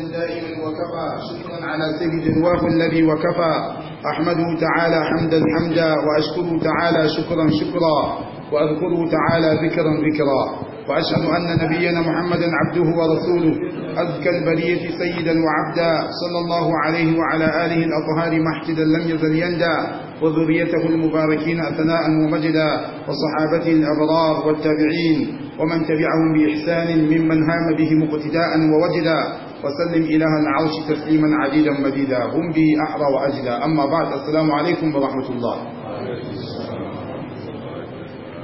دائما وكفى شكرا على سيد الواف الذي وكفى أحمده تعالى حمدا حمدا وأشكره تعالى شكرا شكرا وأذكره تعالى ذكرا ذكرا وأشهد أن نبينا محمدا عبده ورسوله أذكى البرية سيدا وعبدا صلى الله عليه وعلى آله الأطهار محجدا لم يزل يندى وذريته المباركين أثناء ومجدا وصحابته الأبرار والتابعين ومن تبعهم بإحسان ممن هام بهم اقتداء ووجدا وسلم إله العرش تسليما عديدا مديدا هم به أحرى وأجدا أما بعد السلام عليكم ورحمة الله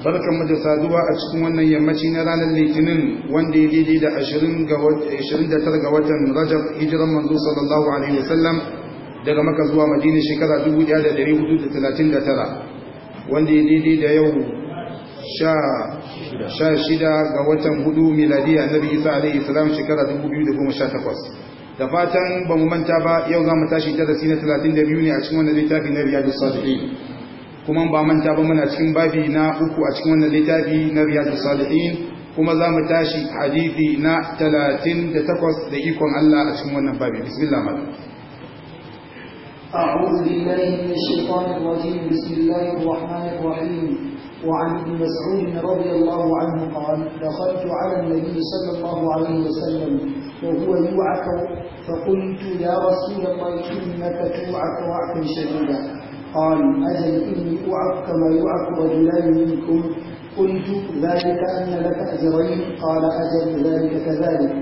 barkan mu da saduwa a cikin wannan yammaci na ranar litinin wanda ya daidai da 29 ga watan rajab hijiran manzo sallallahu alaihi wasallam daga maka zuwa madina shekara 1439 wanda ya daidai da yau sha shida ga watan hudu miladiya annabi isa alaihi salam shekara 2018 da fatan ba mu manta ba yau za mu tashi darasi na 32 ne a cikin wannan littafi na riyadu salihin kuma ba manta ba muna cikin babi na uku a cikin wannan littafi na riyadu salihin kuma za mu tashi hadithi na 38 da ikon Allah a cikin wannan babi bismillah malam أعوذ بالله من الشيطان الرجيم بسم الله الرحمن الرحيم وعن ابن مسعود رضي الله عنه قال دخلت على النبي صلى الله عليه وسلم وهو يوعك فقلت يا رسول الله إنك توعك وعكا شديدا قال أجل إني أوعك كما يوعك رجلان منكم قلت ذلك أن لك أجرين قال أجل ذلك كذلك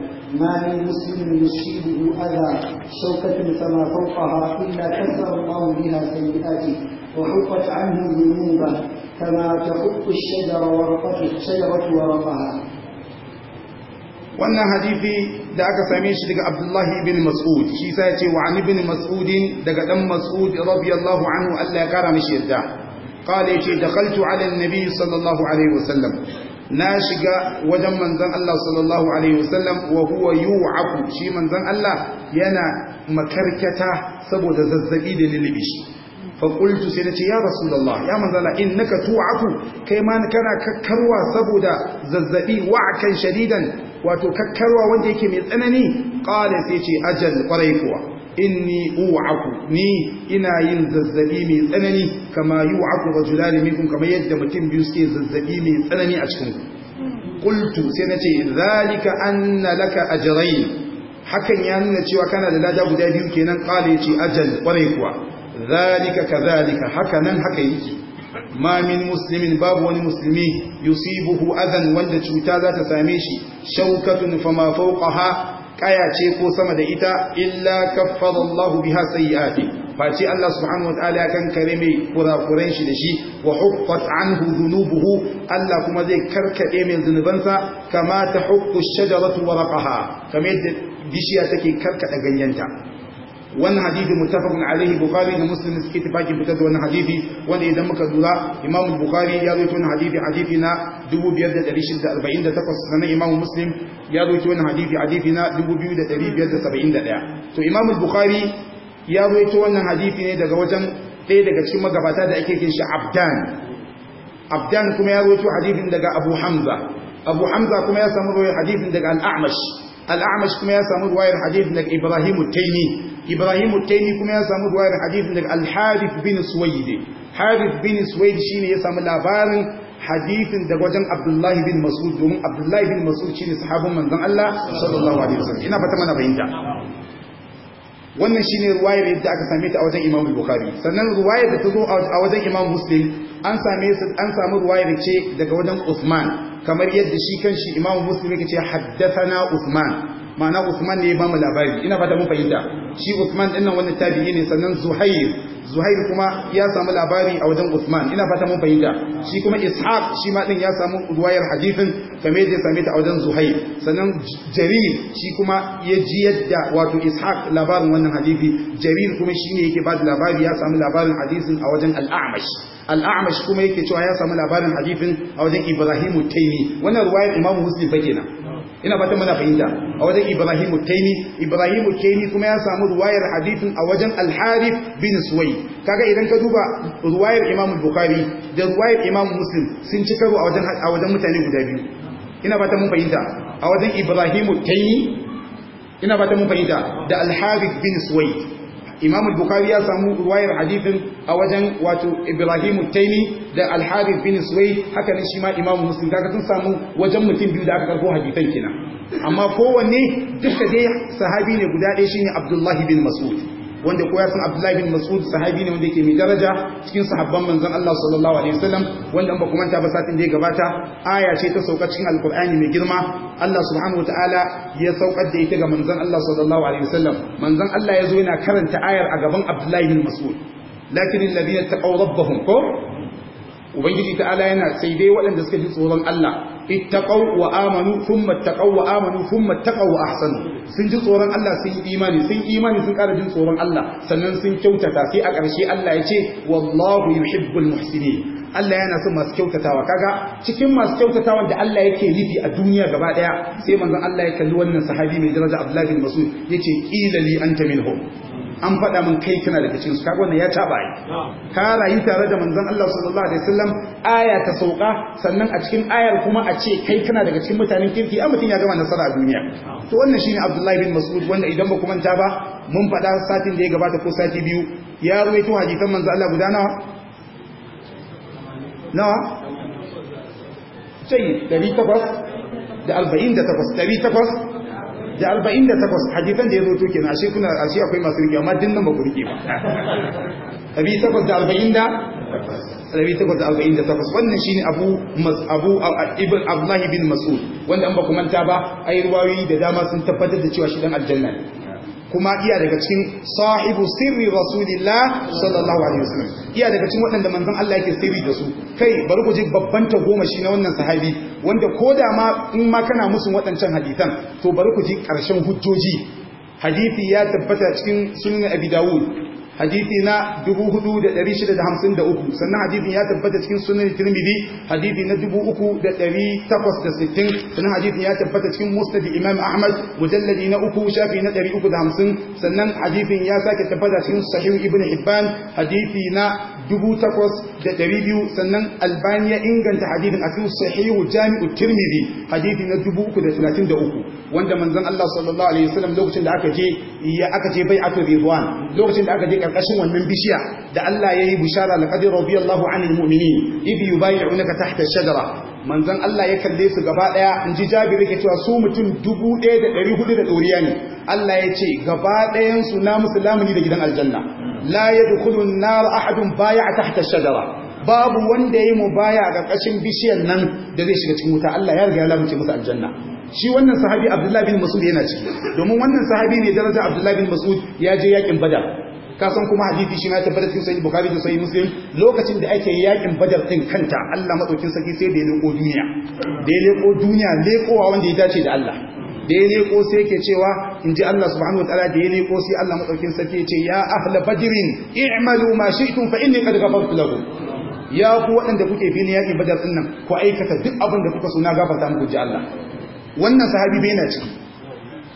ما من مسلم يصيبه أذى شوكة فما فوقها إلا كثر الله بها سيئاته وحقت عنه ذنوبه كما تحط الشجرة ورقها wannan hadithi da aka same shi daga abdullahi bin mas'ud shi ya ce wa ani bin mas'udin daga dan mas'ud radiyallahu anhu Allah ya kara mishi yadda qala yace dakhaltu ala annabi sallallahu alaihi wasallam na shiga wajen manzon Allah sallallahu alaihi wasallam wa huwa yu'aku shi manzon Allah yana makarkata saboda zazzabi da lilibi fa sai nace ya rasulullah ya manzala innaka tu'afu kai ma kana kakkarwa saboda zazzabi wa'akan shadidan wato kakkarwa wanda yake mai tsanani qala sai ce ajal qarai kuwa inni u'aku ni ina yin zazzabi mai tsanani kama yu'aku rajulani minkum kamar yadda mutum biyu suke zazzabi mai tsanani a cikin qultu sai nace zalika an laka ajrayn hakan ya nuna cewa kana da lada guda biyu kenan qala yace ajal kwarai kuwa zalika kazalika haka nan haka yake ma min muslimin babu wani musulmi yusibuhu adan wanda cuta za ta same shi shaukatun fama fawqaha kaya ce ko sama da ita illa kaffara Allah biha sayyi'ati face Allah subhanahu wataala ya kankare mai kurakuren shi da shi wa huffat anhu dhunubuhu Allah kuma zai karkade mai zunubansa kama ta hukku shajaratu warqaha kamar yadda bishiya take karkada ganyenta wannan hadisi muttafaqun alaihi bukari da muslim suke tafakin fitar da wannan hadisi wanda idan muka lura imamu bukari ya rawaito wannan hadisi hadisi na 2648 sanan imamu muslim ya rawaito wannan hadisi hadisi na 2571 to imamu bukari ya rawaito wannan hadisi ne daga wajen ɗaya daga cikin magabata da ake kin shi abdan abdan kuma ya rawaito hadisin daga abu hamza abu hamza kuma ya samu ruwayar hadisin daga al al'amash kuma ya samu ruwayar hadisin daga ibrahim taimi Ibrahim Taimi kuma ya samu ruwayar hadisin daga Al-Harith bin Suwaid Harith bin Suwaid shine ya samu labarin hadithin daga wajen Abdullahi bin Mas'ud domin Abdullahi bin Mas'ud shine sahabban manzon Allah sallallahu alaihi wasallam ina fata mana bayinta wannan shine ruwayar yadda aka same ta a wajen Imam Bukhari sannan ruwayar da ta zo a wajen Imam Muslim an same su an samu ruwayar ce daga wajen Usman kamar yadda shi kanshi Imam Muslim yake ce haddathana Usman ma'ana Usman ne ba mu labari ina fata mun fahimta shi Usman dinnan wani tabi'i ne sannan Zuhair Zuhair kuma ya samu labari a wajen Usman ina fata mun fahimta shi kuma Ishaq shi ma din ya samu ruwayar hadisin kamar yadda same ta a wajen Zuhair sannan Jarir shi kuma ya ji yadda wato Ishaq labarin wannan hadisi Jarir kuma ne yake bada labari ya samu labarin hadisin a wajen Al-A'mash Al-A'mash kuma yake cewa ya samu labarin hadisin a wajen Ibrahim Taymi wannan ruwayar Imam Muslim fa kenan ina fatan muna fahimta a wajen Ibrahim Taimi Ibrahim Taimi kuma ya samu ruwayar hadithin a wajen Al-Harith bin Suwai kaga idan ka duba ruwayar Imam Bukhari da ruwayar Imam Muslim sun ci karo a wajen a wajen mutane guda biyu ina fatan mun fahimta a wajen Ibrahim Taimi ina fatan mun fahimta da Al-Harith bin Suwai imam al-bukhari ya samu ruwayar hadifin a wajen wato Ibrahimu taimi da al bin suwayd haka ne shi ma imam muslim kaga sun samu wajen mutum biyu da aka karbo hadithan kina amma kowanne duka dai sahabi ne guda ɗaya shine abdullahi bin mas'ud wanda ko ya san Abdullahi bin Mas'ud sahabi ne wanda yake mai daraja cikin sahabban manzon Allah sallallahu alaihi wasallam wanda an ba kuma ta ba satin da ya gabata aya ce ta sauka cikin alqur'ani mai girma Allah subhanahu wataala ya saukar da ita ga manzon Allah sallallahu alaihi wasallam manzon Allah ya zo yana karanta ayar a gaban Abdullahi bin Mas'ud lakin alladhina taqaw rabbahum ko ubangiji ta'ala yana sai dai waɗanda suka ji tsoron Allah ittaqaw wa amanu thumma ittaqaw wa amanu thumma ittaqaw wa ahsanu sun ji tsoron Allah sun yi imani sun imani sun ƙara jin tsoron Allah sannan sun kyautata sai a ƙarshe Allah ya ce wallahu yuhibbul muhsinin Allah yana son masu kyautatawa kaga cikin masu kyautatawa da Allah yake nufi a duniya gaba daya sai manzon Allah ya kalli wannan sahabi mai daraja Abdullah bin Mas'ud yace qila li anta minhum an faɗa min kai kana daga cikin su kaga wannan ya taba yi ka rayu tare da manzon Allah sallallahu alaihi wasallam aya ta sauka sannan a cikin ayar kuma a ce kai kana daga cikin mutanen kirki a mutum ya gama nasara a duniya to wannan shine Abdullahi bin Mas'ud wanda idan ba kuma ta ba mun faɗa satin da ya gabata ko sati biyu ya ruwaito hadisan manzon Allah guda nawa nawa sai 800 da 48 800 da arba'in da takwas hadisan da ya zo to kenan ashe kuna ashe akwai masu rike amma dinnan ba ku rike ba rabi takwas da arba'in da rabi takwas da arba'in da takwas wannan shine abu abu ibn abdullahi bin mas'ud wanda an ba ku manta ba ayi ruwayoyi da dama sun tabbatar da cewa shi dan aljanna ne kuma iya daga cikin sahibu sirri rasulillah sallallahu alaihi wasallam iya daga cikin waɗanda manzon Allah yake sirri da su kai bari ku ji babban ta goma shi na wannan sahabi wanda ko da ma in ma kana musun waɗancan hadisan to bari ku ji ƙarshen hujjoji hadisi ya tabbata cikin sunan abi daud hadisi na 4653 sannan hadisin ya tabbata cikin sunan tirmidhi hadisi na 3860 sannan hadisin ya tabbata cikin musnad imam ahmad mujalladi na uku shafi na 350 sannan hadisin ya sake tabbata cikin sahih ibn hibban hadisi na biyu sannan albani ya inganta hadithin a cikin sahihu jami'u tirmidhi hadithi na uku. wanda manzon Allah sallallahu alaihi wasallam lokacin da aka je ya aka je bai ato ridwan lokacin da aka je karkashin wannan bishiya da Allah yayi bishara laqad radiyallahu anil mu'minin idh yubay'unaka tahta shajara manzon Allah ya kalle su gaba ɗaya in ji jabi yake cewa su mutum 1400 da da doriya ne Allah ya ce gaba dayan su na ne da gidan aljanna la yadkhulu an-nar ahadun bay'a tahta ash-shajara babu wanda ya yayi mubaya ga kashin bishiyar nan da zai shiga cikin wuta Allah ya riga ya lamunce musu aljanna shi wannan sahabi Abdullahi bin Mas'ud yana ciki domin wannan sahabi ne daraja Abdullahi bin Mas'ud ya je yakin Badar ka san kuma hadisi shi na tabbata cikin sahih bukhari da sahih muslim lokacin da ake yakin badar din kanta Allah madaukin sarki sai da leko duniya da ya leko duniya lekowa wanda ya dace da Allah da ya leko sai ke cewa in ji Allah subhanahu wataala da ya leko sai Allah madaukin sarki ya ya ahla badrin i'malu ma shi'tum fa inni qad ghafartu lakum ya ku waɗanda kuke filin yaki badar din nan ku aikata duk abin da kuka so na gafarta muku ji Allah wannan sahabi bai na ciki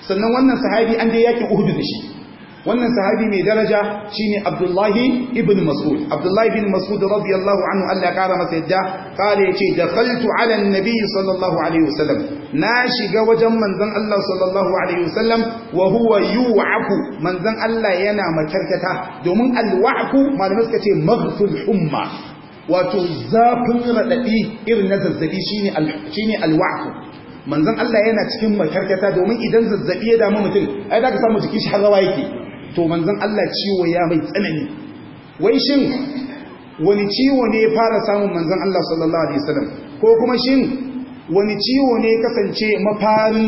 sannan wannan sahabi an dai yaƙin Uhud da shi wannan sahabi mai daraja shine Abdullahi ibn Mas'ud Abdullahi ibn Mas'ud radiyallahu anhu Allah kara masa yadda kare yace dakhaltu ala an-nabi sallallahu alaihi wasallam na shiga wajen manzon Allah sallallahu alaihi wasallam wa huwa yu'aku manzon Allah yana makarkata domin al-wa'ku malamai suka ce maghsul umma wato zafin radadi irin na zazzabi shine shine al manzon Allah yana cikin makarkata domin idan zazzabi ya damu mutum ai samu jiki shi har rawa yake to manzan Allah ciwo ya mai tsanani wai shin wani ciwo ne ya fara samun manzan Allah sallallahu alaihi wasallam ko kuma shin wani ciwo ne kasance mafarin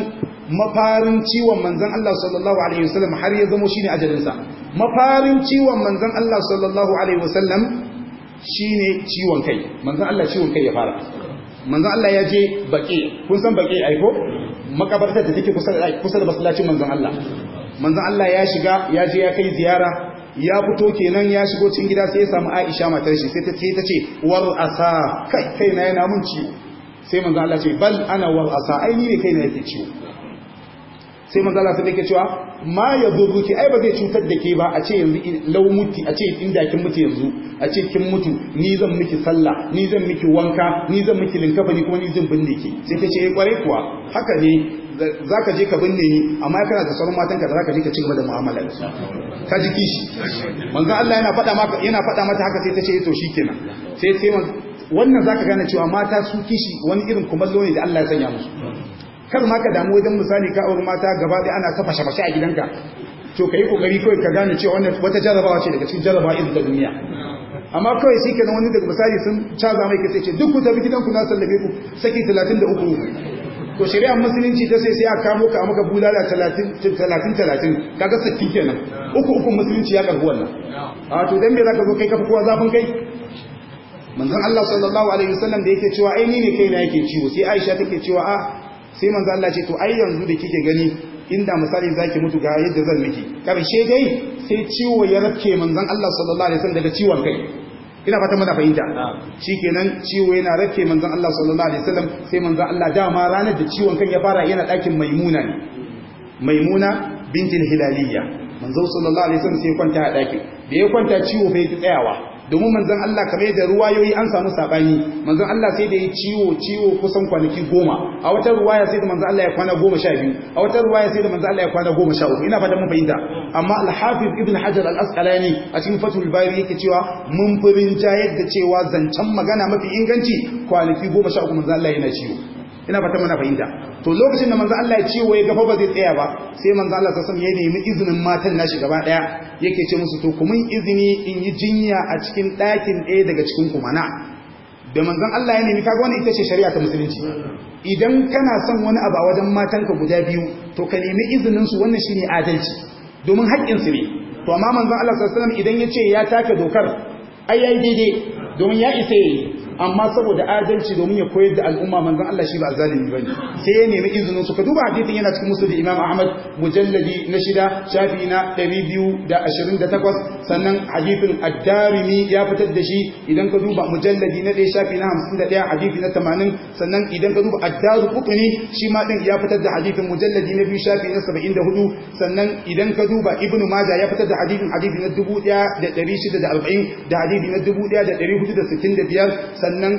mafarin ciwon manzon Allah sallallahu alaihi wasallam har ya zama shine ajalinsa mafarin ciwon manzan Allah sallallahu alaihi wasallam shine ciwon kai Manzan Allah ciwon kai ya fara Manzan Allah ya je baki, kun san baki baƙi aiko makabartar da take kusa da masallacin manzon Allah manzan Allah ya shiga ya je ya kai ziyara ya fito kenan ya shigo cikin gida sai ya samu Aisha matar shi sai ta ce ta ce war asa kai kai na yana mun ci sai manzan Allah ce bal ana war asa ai ne kai na yake ci sai manzan Allah sai yake cewa ma ya ki ai ba zai cutar da ke ba a ce yanzu lau muti a ce inda kin mutu yanzu a ce kin mutu ni zan miki sallah ni zan miki wanka ni zan miki linkafa ni kuma ni zan binne ki sai ta ce eh, kwarai kuwa haka ne za ka je ka binne ni amma ya kana da sauran matan ka za ka je ka ci gaba da mu'amala ka ji kishi manzo Allah yana faɗa maka yana faɗa mata haka sai ta ce to shikenan sai sai wannan zaka gane cewa mata su kishi wani irin kumallo ne da Allah ya sanya musu kar ma ka damu wajen misali ka auri mata gaba ɗaya ana kafa shafa shi a gidanka to ka yi kokari kawai ka gane cewa wannan wata jarabawa ce daga cikin jarabawa irin ta duniya amma kawai shi kenan wani daga misali sun caza mai kace ce duk ku tafi gidanku na sallabe ku saki 33 to shari'ar musulunci ta sai sai a kamo ka a maka bulala talatin talatin kaga sittin kenan uku uku musulunci ya karbi wannan a to dan me zaka zo kai kafa kowa zafin kai manzon Allah sallallahu alaihi wasallam da yake cewa ai ni ne kai na yake ciwo sai Aisha take cewa a ah, sai manzon Allah ce to ai yanzu da kike gani inda misali zaki mutu ga yadda zan miki karshe dai sai ciwo ya rafke manzon Allah sallallahu alaihi wasallam daga ciwon kai ina fata muna fahimta shikenan ciwo yana rake manzon Allah sallallahu alaihi wasallam sai manzon Allah dama ranar da ciwon kan ya fara yana dakin maimuna ne maimuna bintul hilaliya manzon sallallahu alaihi wasallam sai ya kwanta a dakin da ya kwanta ciwo bai tsayawa domin manzan Allah kamar da ruwayoyi an samu saɓani, manzan Allah sai da ya ciwo ciwo kusan kwanaki goma a wata ruwaya sai da manzan Allah ya kwana goma sha biyu a wata ruwaya sai da manzan Allah ya kwana goma sha uku ina fata mun fahimta amma al-hafiz ibn hajar al-asqalani a cikin fatul bari yake cewa mun furin jayar da cewa zancen magana mafi inganci kwanaki goma sha uku manzan Allah yana ciwo ina fata mana fahimta to lokacin da manzo Allah ya ce wai gafa ba zai tsaya ba sai manzo Allah sassan ya nemi izinin matan nashi gaba daya yake ce musu to ku mun izini in yi jinya a cikin ɗakin ɗaya daga cikin ku mana da manzo Allah ya nemi kaga wannan ita ce shari'a ta musulunci idan kana son wani abu a wajen matan ka guda biyu to ka nemi izinin su wannan shine adalci domin haƙƙin su ne to amma manzo Allah sallallahu idan ya ce ya take dokar ai yayi daidai domin ya isa yayi amma saboda adalci domin ya koyar da al'umma manzon Allah shi ba zalimi bane sai ya nemi izinin su ka duba hadisin yana cikin musulmi Imam Ahmad mujalladi na shida shafi na 228 sannan hadisin ad-Darimi ya fitar da shi idan ka duba mujalladi na 1 shafi na 51 hadisi na 80 sannan idan ka duba ad-Daru Qutni shi ma din ya fitar da hadisin mujalladi na 2 shafi na 74 sannan idan ka duba Ibn Majah ya fitar da hadisin hadisi na 1640 da hadisi na 1465 sannan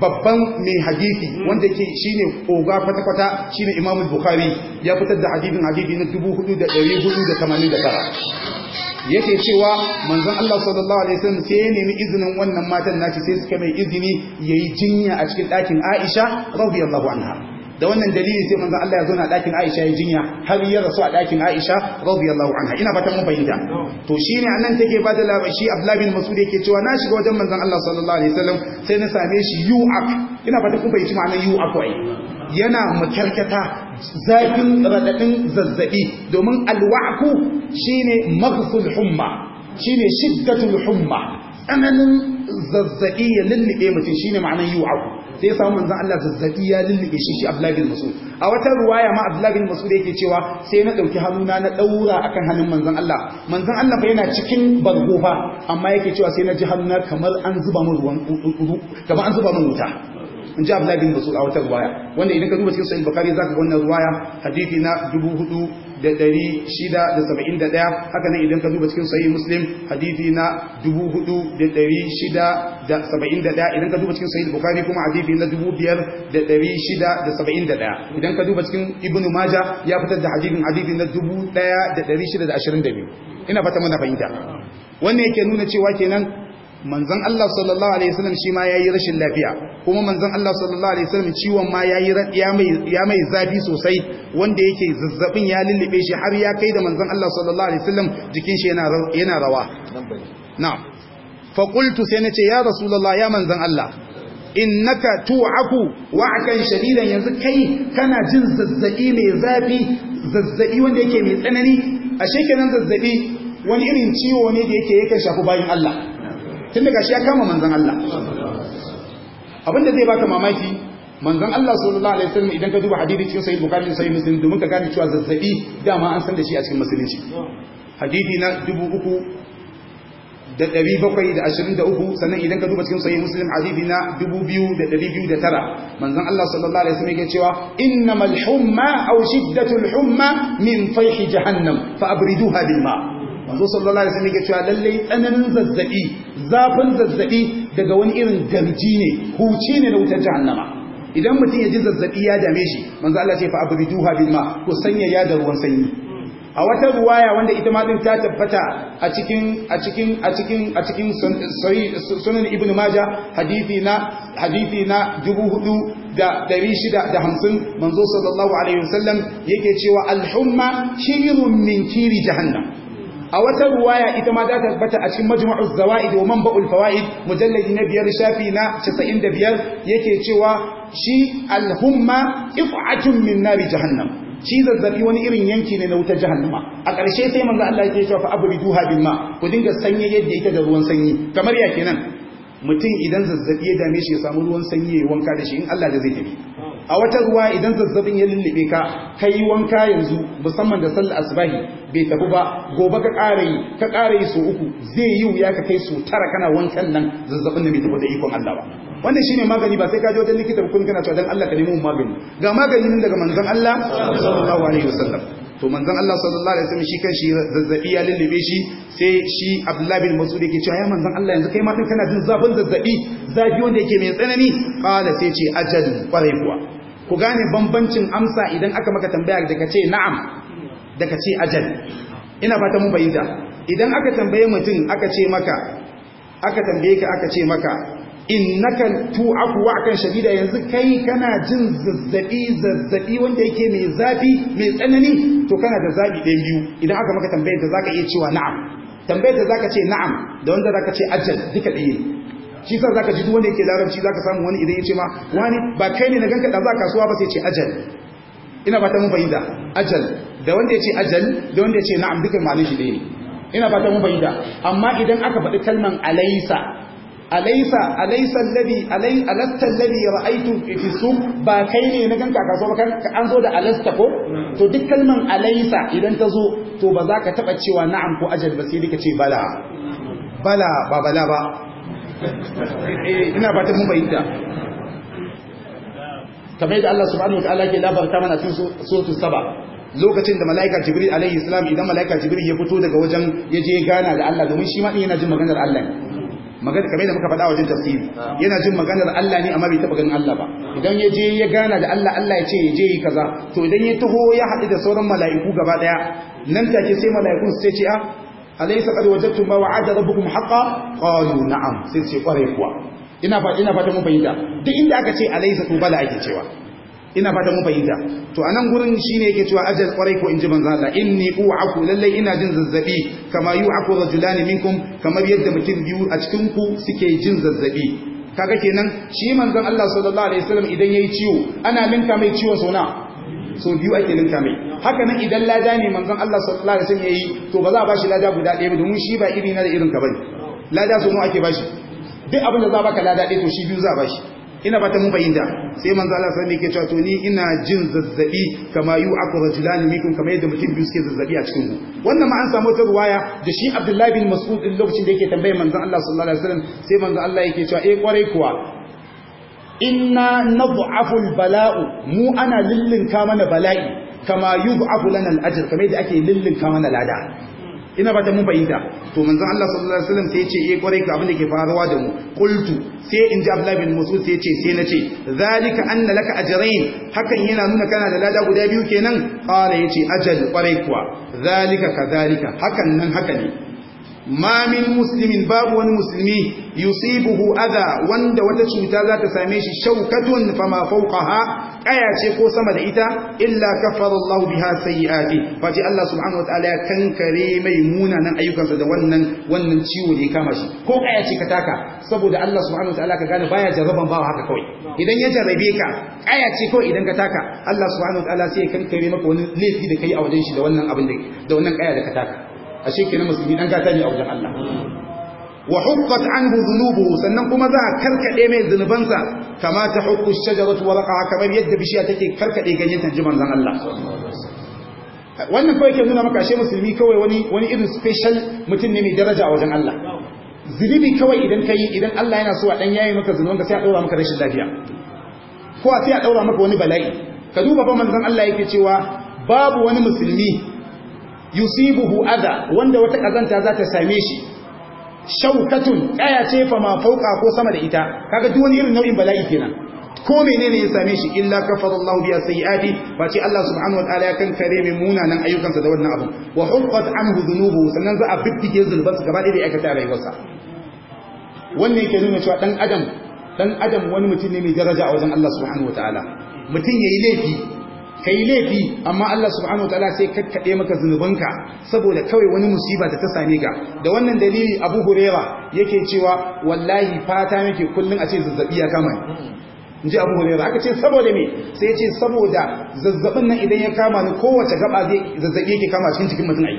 babban mai hadisi wanda shi shine oga kwata-kwata shi ne Imam Bukhari ya fitar da hadithin hadisi na 4489 yake cewa manzan Allah sallallahu alaihi wasallam sai ya nemi izinin wannan matan nashi sai suka mai izini ya yi jinya a cikin ɗakin Aisha radiyallahu anha da wannan dalili sai manzo Allah ya zo na dakin Aisha ya jinya har ya rasu a dakin Aisha radiyallahu anha ina fatan mun fahimta to shine annan take ba da labashi Abdullah bin Mas'ud yake cewa na shiga wajen manzon Allah sallallahu alaihi wasallam sai na same shi yu'aq ina fatan kun fahimci ma'anar yu'aq wai yana makarkata zafin radadin zazzabi domin alwa'ku shine maghsul humma shine shiddatul humma tsananin zazzabi ya lullube mutum shine ma'anar yu'aq sai samu manzan Allah zazzabi ya lullube shi shi Abdullah bin Mas'ud a wata ruwaya ma Abdullah bin Mas'ud yake cewa sai na dauki hannuna na daura akan hannun manzan Allah Manzan Allah yana cikin bargofa amma yake cewa sai na ji hannuna kamar an zuba min ruwan kamar an zuba min wuta in ji Abdullah bin Mas'ud a wata ruwaya wanda idan ka duba cikin Sahih Bukhari zaka ga wannan ruwaya hadisi na 4000 da ɗari shida da saba'in da ɗaya haka nan idan ka duba cikin sayi muslim hadithi na dubu hudu da ɗari shida da saba'in da ɗaya idan ka duba cikin sayi bukari kuma hadithi na dubu biyar da ɗari shida da saba'in da ɗaya idan ka duba cikin ibn maja ya fitar da hadithin hadithi na dubu ɗaya da ɗari shida da ashirin da biyu ina fata mana fahimta wannan yake nuna cewa kenan manzon Allah sallallahu alaihi wasallam shi ma yayi rashin lafiya kuma manzon Allah sallallahu alaihi wasallam ciwon ma yayi ya mai zafi sosai wanda yake zazzabin ya lullube shi har ya kai da manzon Allah sallallahu alaihi wasallam jikin shi yana yana rawa na'am fa qultu sai nace ya rasulullah ya manzon Allah innaka tu'aku wa'kan shadidan yanzu kai kana jin zazzabi mai zafi zazzabi wanda yake mai tsanani ashe kenan zazzabi wani irin ciwo ne da yake yake shafi bayin Allah tun daga shi ya kama manzan Allah abinda zai baka mamaki manzan Allah sallallahu alaihi wasallam idan ka duba hadisi cikin sahih bukhari da sahih muslim domin ka gane cewa zazzabi dama an san da shi a cikin musulunci hadisi na 3000 da ɗari bakwai da ashirin da uku sannan idan ka duba cikin sahih muslim hadisi na dubu biyu da ɗari biyu da tara manzon Allah sallallahu alaihi wasallam yake cewa innamal humma aw shiddatul humma min fayhi jahannam fa abriduha bil ma' manzo sallallahu alaihi wasallam yake cewa lalle tsananin zazzabi zafin zazzabi daga wani irin garji ne huci ne na wutar jahannama idan mutum ya ji zazzabi ya dame shi manzo Allah ce fa abriduha bil ma ko sanya ya da ruwan sanyi a wata ruwaya wanda ita ma din ta tabbata a cikin a cikin a cikin a cikin sunan ibnu majah hadisi na hadisi na 4650 manzo sallallahu alaihi wasallam yake cewa al-humma shirun min kiri jahannam a wata ruwaya ita ma ta tabbata a cikin majmu'uz zawaid wa manba'ul fawaid mujalladi na biyar shafi na 95 yake cewa shi al-humma qit'atun min nar jahannam shi zazzabi wani irin yanki ne na wuta jahannama a ƙarshe sai manzo Allah ya cewa fa abriduha bil ku dinga sanye yadda ita da ruwan sanyi kamar ya kenan mutum idan zazzabi ya dame shi ya samu ruwan sanyi ya wanka da shi in Allah da zai tafi a wata ruwa idan zazzabin ya lullube ka kai wanka yanzu musamman da sallar asbahi bai tafi ba gobe ka ƙara yi ka ƙara yi so uku zai yi wuya ka kai su tara kana wankan nan zazzabin da bai tafi da ikon Allah ba wannan shine magani ba sai ka wajen likita ba kun kana cewa dan Allah ka nemi magani ga maganin daga manzon Allah sallallahu alaihi wasallam to manzon Allah sallallahu alaihi wasallam shi kanshi zazzabi ya lullube shi sai shi Abdullah bin Mas'ud yake cewa ya manzon Allah yanzu kai ma din kana jin zafin zazzabi zafi wanda yake mai tsanani qala sai ce ajal kwarai kuwa ku gane bambancin amsa idan aka maka tambaya daga ce na'am daga ce ajal ina fata mun bayyana idan aka tambaye mutum aka ce maka aka tambaye ka aka ce maka innaka tu'afu wa kan shadida yanzu kai kana jin zazzabi zazzabi wanda yake mai zafi mai tsanani to kana da zafi ɗaya biyu idan aka maka tambayar da zaka iya cewa na'am tambayar da zaka ce na'am da wanda zaka ce ajal duka ɗaya shi sa zaka ji duk wanda yake larabci zaka samu wani idan ya ce ma wani ba kai ne na ganka da za kasuwa ba sai ce ajal ina fata mun fahimta ajal da wanda ya ce ajal da wanda ya ce na'am duka ma'anar shi ɗaya ina fata mun fahimta amma idan aka faɗi kalman alaisa alaisa alaisa alladhi alai alasta alladhi ra'aytu fi suq ba kai ne na ganka ka ba ba an zo da alasta ko to duk kalman alaisa idan ta zo to ba za ka taba cewa na'am ko ajal ba sai dai ka ce bala bala ba bala ba ina ta mun bayyana kamar yadda Allah subhanahu wataala ke labarta mana cikin suratul saba lokacin da malaika jibril alaihi salam idan malaika jibril ya fito daga wajen ya je gana da Allah domin shi ma din yana jin maganar Allah magana kamar da muka faɗa wajen tafsiri yana jin maganar Allah ne amma bai taɓa ganin Allah ba idan ya je ya gana da Allah Allah ya ce ya je yi kaza to idan ya taho ya haɗu da sauran mala'iku gaba ɗaya nan take sai mala'ikun su ce a ah, alaysa qad wajadtum ma wa'ada rabbukum haqqan qalu na'am sai ce kware kuwa ina fata mun fahimta duk inda aka ce alaysa to bala ake cewa ina fata mun fahimta to anan gurin shine yake cewa ajal kwarai ko inji manzo Allah inni u'aku lallai ina jin zazzabi kama yu'aku rajulani minkum kamar yadda mutum biyu a cikin ku suke jin zazzabi kaga kenan shi manzo Allah sallallahu alaihi wasallam idan yayi ciwo ana minka mai ciwo na, so biyu ake minka mai haka nan idan lada ne manzo Allah sallallahu alaihi wasallam yayi to ba za a bashi lada guda ɗaya ba domin shi ba irin na da irin ka bane lada so mu ake bashi duk abin da za baka lada ɗaya to shi biyu za a bashi ina fata mun bayyana sai manzo Allah sai yake cewa to ni ina jin zazzabi kama yu akrajulani minkum kama yadda mutum biyu suke zazzabi a cikin ku wannan ma an samu ta ruwaya da shi Abdullahi bin Mas'ud din lokacin da yake tambaye manzo Allah sallallahu alaihi wasallam sai manzo Allah yake cewa eh kwarai kuwa inna nad'afu bala'u mu ana lillinka mana bala'i kama yud'afu lana al-ajr kama yadda ake lillinka mana lada ina ba ta mun fahimta to manzo Allah sallallahu alaihi wasallam sai ya ce eh kwarai ka abin da ke faruwa da mu qultu sai in ji Abdullah bin Mas'ud sai ya ce sai nace zalika anna laka ajrayn hakan yana nuna kana da lada guda biyu kenan qala yace ajal kwarai kuwa zalika kadhalika hakan nan haka ne ma min muslimin babu wani musulmi yusibuhu adha wanda wata cuta za ta same shi shaukatun fama fawqaha kaya ce ko sama da ita illa kafara Allah biha sayyi'ati faji Allah subhanahu wataala ya kankare mai munanan ayyukansa da wannan wannan ciwo da ya kama shi ko kaya ce ka taka saboda Allah subhanahu wataala ka gane baya jarraban bawa haka kawai idan ya jarrabe ka kaya ce ko idan ka taka Allah subhanahu wataala sai ya kankare maka wani laifi da kai a wajen shi da wannan abin da wannan kaya da ka taka ashe kenan musulmi dan gata ne a wajen Allah wa huqqat anhu dhunubuhu sannan kuma za a karkade mai zunubansa kama ta hukku shajaratu warqaha kamar yadda bishiya take karkade ganyen ta jiman zan Allah wannan kawai ke nuna maka ashe musulmi kawai wani wani irin special mutum ne mai daraja a wajen Allah zunubi kawai idan kai idan Allah yana so a dan yayi maka zunubanka sai a daura maka rashin lafiya ko sai a daura maka wani bala'i ka duba fa manzon Allah yake cewa babu wani musulmi yusibuhu adha wanda wata kazanta za ta same shi shaukatun kaya ce fa ma fauka ko sama da ita kaga duk wani irin nau'in bala'i kenan ko menene ya same shi illa kafarallahu bi sayyiati fa ce Allah subhanahu wa ta'ala ya kan kare mai munanan ayyukansa da wannan abu wa huqqat anhu dhunubu sannan za a bibbige zulbansa gaba da aikata rayuwarsa wannan yake nuna cewa dan adam dan adam wani mutum ne mai daraja a wajen Allah subhanahu wa ta'ala mutum yayi laifi ka yi laifi amma Allah subhanahu wa ta'ala sai kakkaɗe maka zunubanka saboda kawai wani musiba da ta same ka da wannan dalili abu hurera yake cewa wallahi fata nake kullum a ce zazzaɓi ya kama in ji abu hurera aka ce saboda me sai ya ce saboda zazzaɓin nan idan ya kama ni kowace gaba zai zazzaɓi yake kama cikin jikin mutum ai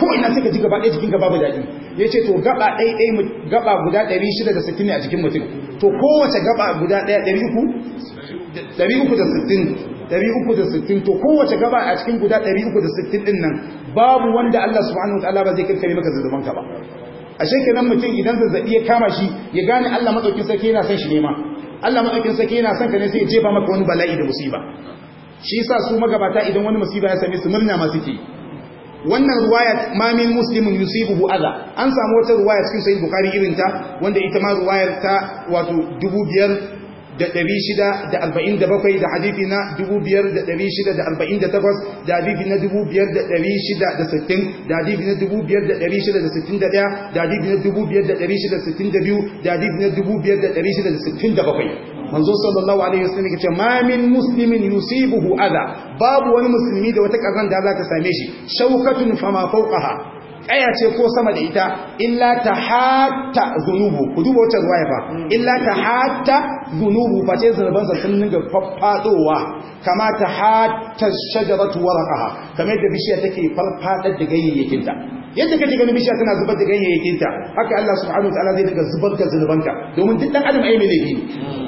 ko ina sai ka ji gaba ɗaya cikin gaba babu daɗi ya ce to gaba ɗaya ɗaya gaba guda ɗari shida da sittin ne a cikin mutum to kowace gaba guda ɗaya ɗari uku ɗari uku da sittin 360 to kowace gaba a cikin guda 360 din nan babu wanda Allah subhanahu ta'ala ba zai kirkire maka zazzaban ka ba ashe kenan mutum idan zazzabi ya kama shi ya gane Allah maɗaukin sarki yana son shi ne ma Allah maɗaukin sarki yana son ka ne sai ya jefa maka wani bala'i da musiba shi yasa su magabata idan wani musiba ya same su murna ma suke wannan ruwaya ma min muslimin yusibuhu adha an samu wata ruwaya cikin sahih bukhari irin ta wanda ita ma ruwayar ta wato da ɗari shida da arba'in da bakwai da hadithi na dubu biyar da ɗari shida da arba'in da takwas da hadithi na dubu biyar da ɗari shida da sittin da hadithi na dubu biyar da ɗari shida da sittin da ɗaya da hadithi na dubu biyar da ɗari shida da sittin da biyu da hadithi na dubu biyar da ɗari shida da sittin da bakwai manzo sallallahu alaihi wasallam yake ma min muslimin yusibuhu adha babu wani musulmi da wata kazan da za ta same shi shaukatun fama fawqaha kaya ce ko sama da ita illa ta hatta zunubu ku duba wacce ya fa mm. illa ta hatta zunubu ba ce zunuban sa sun ninga faffadowa kama ta hatta shajaratu warqaha kamar yadda bishiya take farfadar da ganyayyakin ta yadda kake ganin bishiya tana zubar da ganyayyakin ta haka Allah subhanahu wataala zai daga zubar da zunubanka domin duk dan adam ai mai laifi ne mm.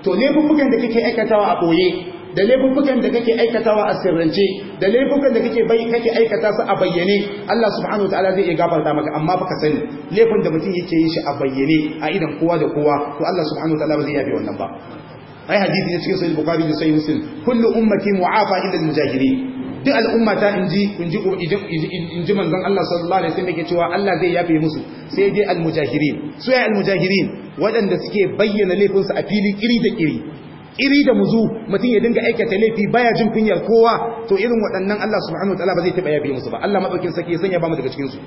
to da kake aikatawa a boye da laifukan da kake aikatawa a sirrance da laifukan da kake bai kake aikata su a bayyane Allah subhanahu wataala zai iya gafarta maka amma baka sani laifin da mutum yake yin shi a bayyane a idan kowa da kowa to Allah subhanahu wataala ba zai wannan ba ai hadisi ne cikin sahih bukhari da sahih muslim kullu ummati mu'afa illa al-mujahirin duk al'umma ta inji inji inji manzon Allah sallallahu alaihi wasallam yake cewa Allah zai yafe musu sai dai al-mujahirin su ya al-mujahirin waɗanda suke bayyana laifinsu a fili kiri da kiri iri da muzu mutum ya dinga aikata laifi baya jin kunyar kowa to irin waɗannan Allah subhanahu wataala ba zai taba yabe musu ba Allah madaukin saki ya sanya ba mu daga cikin su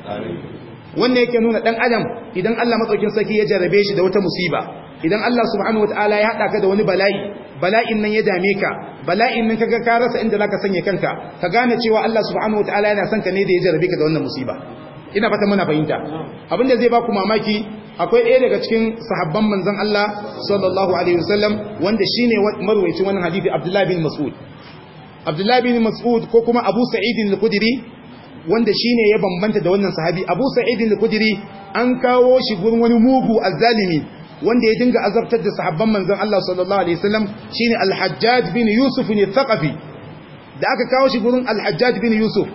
wannan yake nuna dan adam idan Allah madaukin saki ya jarabe shi da wata musiba idan Allah subhanahu wataala ya hada ka da wani bala'i bala'in nan ya dame ka bala'in nan kaga ka rasa inda zaka sanya kanka ka gane cewa Allah subhanahu wataala yana son ka ne da ya jarabe ka da wannan musiba ina fata muna fahimta abinda zai ba ku mamaki akwai ɗaya daga cikin sahabban manzan Allah sallallahu alaihi wasallam wanda shine marwayacin wannan hadisi Abdullahi bin Mas'ud Abdullahi bin Mas'ud ko kuma Abu Sa'id al-Khudri wanda shine ya bambanta da wannan sahabi Abu Sa'id al-Khudri an kawo shi gurin wani mugu azzalimi wanda ya dinga azabtar da sahabban manzan Allah sallallahu alaihi wasallam shine Al-Hajjaj bin Yusuf al-Thaqafi da aka kawo shi gurin Al-Hajjaj bin Yusuf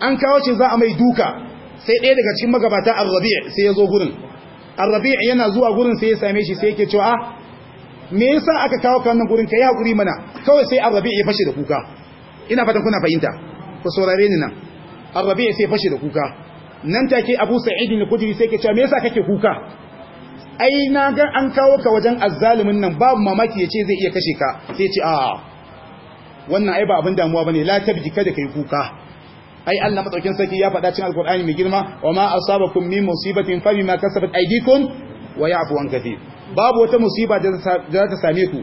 an kawo shi za a mai duka sai ɗaya daga cikin magabata a rabi sai ya zo gurin ar-rabi' yana zuwa gurin sai ya same shi sai yake cewa ah, me yasa aka kawo ka wannan gurin ka ya haƙuri mana kawai sai ar-rabi' ya fashe da kuka ina fatan kuna fahimta ku saurare ni nan ar-rabi' sai ya fashe da kuka nan take Abu sa'idi na kudiri sai yake cewa me yasa kake kuka ai na ga an kawo ka wajen azzalimin nan babu mamaki ya ce zai iya kashe ka sai ya ce a ah, wannan ai ba abin damuwa bane la tabji kada kai kuka ai Allah madaukin sarki ya faɗa cikin alqur'ani mai girma wa ma asabakum min musibatin fa bima kasabat aydikum wa ya'fu an kathir babu wata musiba da za ta same ku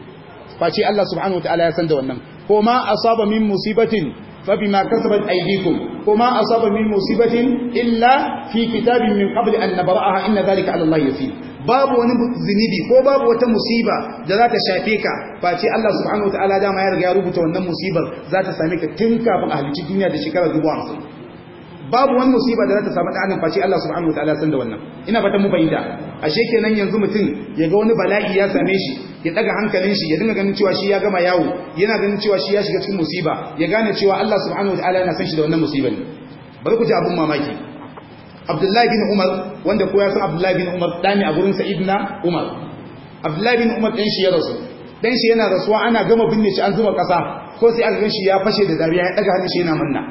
face Allah subhanahu wataala ya san da wannan ko ma asaba min musibatin fa bima kasabat aydikum ko ma asaba min musibatin illa fi kitabin min qabli an nabraha inna dhalika ala Allah yasir babu wani zunubi ko babu wata musiba da za ta shafe ka face Allah subhanahu wataala dama ya riga ya rubuta wannan musibar za ta same ka tun kafin a halicci duniya da shekara dubu hamsin babu wani musiba da za ta samu ɗanin face Allah subhanahu wataala san da wannan ina fata mu bayyana ashe kenan yanzu mutum ya ga wani bala'i ya same shi ya daga hankalin shi ya dinga ganin cewa shi ya gama yawo yana ganin cewa shi ya shiga cikin musiba ya gane cewa Allah subhanahu wataala yana san shi da wannan musibar bari ku ji abun mamaki abdullahi bin umar wanda ko ya san abdullahi bin umar dani a gurin sa'idna umar abdullahi bin umar dan shi ya rasu dan shi yana rasuwa ana gama binne shi an zuba kasa ko sai an shi ya fashe da dariya ya daga hannun shi yana manna.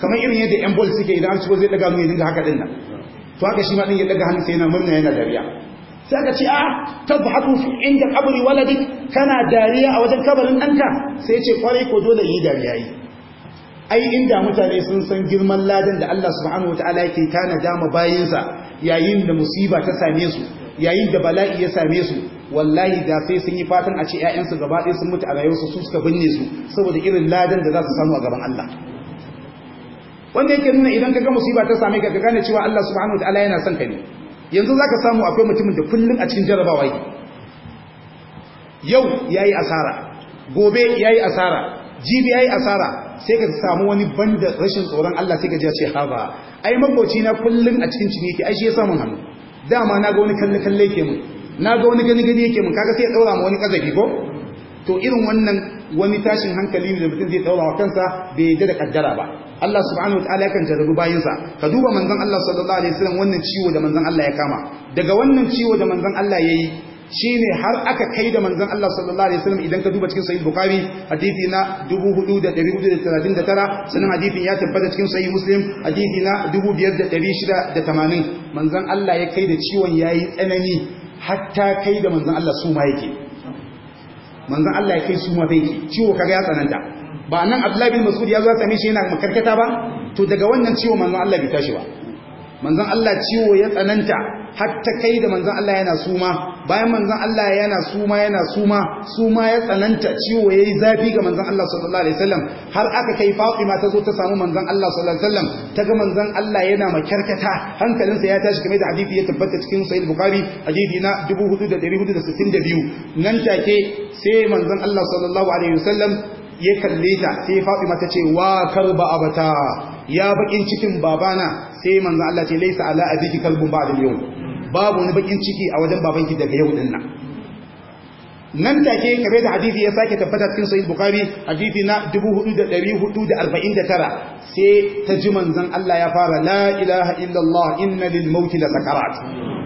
kamar irin yadda yan bol suke idan an ci ko zai daga mu ya dinga haka din nan to haka shi ma din ya daga hannun sai yana murna yana dariya sai ka ce a ah, tabhatu fi inda qabri waladik kana dariya a wajen kabarin danka sai ya ce kwarai ko dole yi dariya yi ai inda mutane sun san girman ladan da Allah subhanahu wataala yake tana dama bayinsa yayin da musiba ta same su yayin da bala'i ya same su wallahi da sai sun yi fatan a ce ƴaƴansu gaba ɗaya sun mutu a rayuwarsu su suka binne su saboda irin ladan da za su samu a gaban Allah wanda yake nuna idan ka ga musiba ta same ka ka gane cewa Allah subhanahu wataala yana son ka ne yanzu zaka samu akwai mutumin da kullun a cikin jarabawa yake yau yayi asara gobe yayi asara jibi yayi asara sai ka samu wani ban da rashin tsoron Allah sai ka ji ce haba ai makoci na kullum a cikin ciniki ai shi ya samun hannu dama na ga wani kalle kalle yake mun na ga wani gani gani yake mun kaga sai ya daura ma wani kazafi ko to irin wannan wani tashin hankali ne da mutum zai daura wa kansa bai yadda da kaddara ba Allah subhanahu wataala yakan jarrabu sa. ka duba manzon Allah sallallahu alaihi wasallam wannan ciwo da manzon Allah ya kama daga wannan ciwo da manzon Allah yayi Shi ne har aka kai da manzan Allah sallallahu alaihi wasallam idan ka duba cikin sayi bukhari hadithi na 4439 sanan hadisin ya tabbata cikin sayi muslim hadithi na 5680 manzan Allah ya kai da ciwon yayi tsanani hatta kai da manzan Allah su ma yake manzan Allah ya kai su ma yake ciwo kaga ya tsananta ba nan Abdullahi bin Mas'ud ya zo ya same shi yana makarkata ba to daga wannan ciwo manzan Allah bai tashi ba Manzan Allah ciwo ya tsananta hatta kai da manzan Allah yana suma bayan manzan Allah yana suma yana suma suma ya tsananta ciwo yayi zafi ga manzan Allah sallallahu alaihi wasallam har aka kai Fatima ta zo ta samu manzan Allah sallallahu alaihi wasallam ta ga manzan Allah yana makarkata hankalinsa ya tashi kamar da hadisi ya tabbata cikin Sahih Bukhari hadisi na 4462 nan take sai manzan Allah sallallahu alaihi wasallam ya kalle ta sai Fatima ta ce wa karba abata ya bakin cikin babana sai manzo Allah ce laisa ala abiki kalbun ba al babu wani bakin ciki a wajen babanki daga yau din nan nan take kabe da hadisi ya sake tabbata cikin sahih bukhari hadisi na 4449 sai ta ji manzan Allah ya fara la ilaha illallah inna lil mauti la sakarat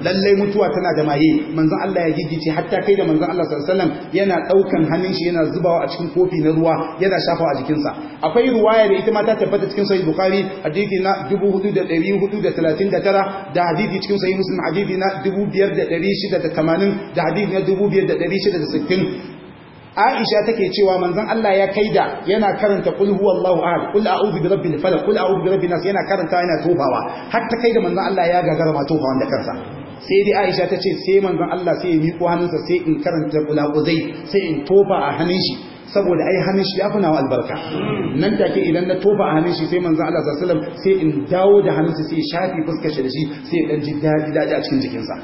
lallai mutuwa tana da maye manzan Allah ya gigice hatta kai da manzan Allah sallallahu yana ɗaukan hannun shi yana zubawa a cikin kofi na ruwa yana shafawa a jikinsa akwai ruwaya da ita ma ta tabbata cikin sahih bukhari hadisi na 4439 da hadisi cikin sahih muslim hadisi na 5680 da hadisi na 5660 Aisha take cewa manzon Allah ya kaida yana karanta kul huwallahu ahad kul a'udhu birabbil falaq kul a'udhu birabbin nas yana karanta yana tofawa har ta kaida manzon Allah ya gagara ma tofawan da kansa sai dai Aisha tace sai manzon Allah sai ya miƙo hannunsa sai in karanta kul a'udhu sai in tofa a hannun shi saboda ai hannun shi ya fi nawa albarka nan take idan na tofa a hannun shi sai manzon Allah sallallahu alaihi wasallam sai in dawo da hannunsa sai shafi fuskar shi da shi sai dan ji daɗi daɗi a cikin jikinsa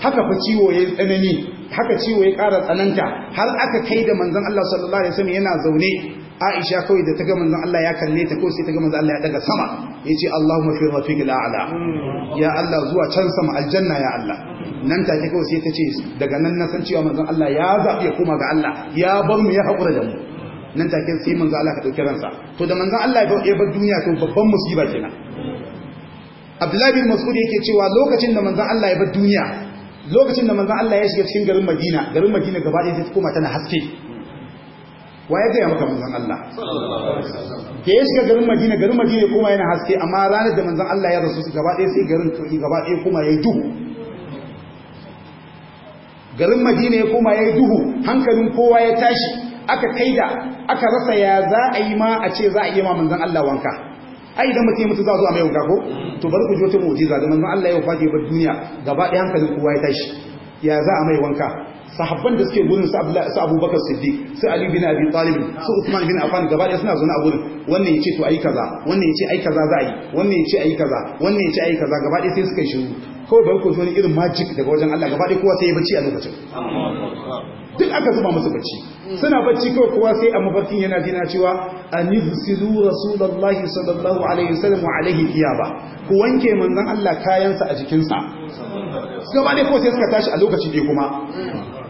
haka fa ciwo yi tsanani haka ciwo ya ƙara tsananta har aka kai da manzon Allah sallallahu alaihi wasallam yana zaune Aisha kawai da ta ga manzon Allah ya kalle ta kawai sai ta ga manzon Allah ya daga sama yace Allahumma fi rafiqil al'ala ya Allah zuwa can sama aljanna ya Allah nan take kawai sai ta ce daga nan na san cewa manzon Allah ya zabi ya koma ga Allah ya bar mu ya hakura da mu nan take sai manzon Allah ka dauki ransa to da manzon Allah ya bar duniya to babban musiba kenan Abdullahi bin Mas'ud yake cewa lokacin da manzon Allah ya bar duniya lokacin da manzan Allah ya shiga cikin garin Madina garin Madina gaba ɗaya ta koma tana haske waye zai maka manzan Allah da ya shiga garin Madina garin Madina ya koma yana haske amma ranar da manzan Allah ya rasu gaba ɗaya sai garin turki gaba ɗaya kuma yi duhu garin Madina ya koma yi duhu hankalin kowa ya tashi aka kaida aka rasa ya za a yi ma a ce za a yi ma manzan Allah wanka ai idan mutum mutu za zuwa mai wuka ko to bari ku ji wata mu'jiza da manzon Allah ya fadi ba duniya gaba ɗaya hankalin kowa ya tashi ya za a mai wanka sahabban da suke gurin su abubakar siddiq su ali bin abi talib su usman bin affan gaba ɗaya suna zaune a gurin wannan ya ce to ai kaza wannan ya ce ai kaza za a yi wannan ya ce kaza wannan ya ce kaza gaba ɗaya sai suka shiru kawai bari ku ji wani irin magic daga wajen Allah gaba ɗaya kowa sai ya bace a lokacin duk aka zuba musu bacci suna bacci kawai kowa sai a mafarkin yana jina cewa an yufsilu rasulullahi sallallahu alaihi wasallam wa alaihi ba. ku wanke manzan Allah kayansa a jikinsa gaba ne ko sai suka tashi a lokaci dai kuma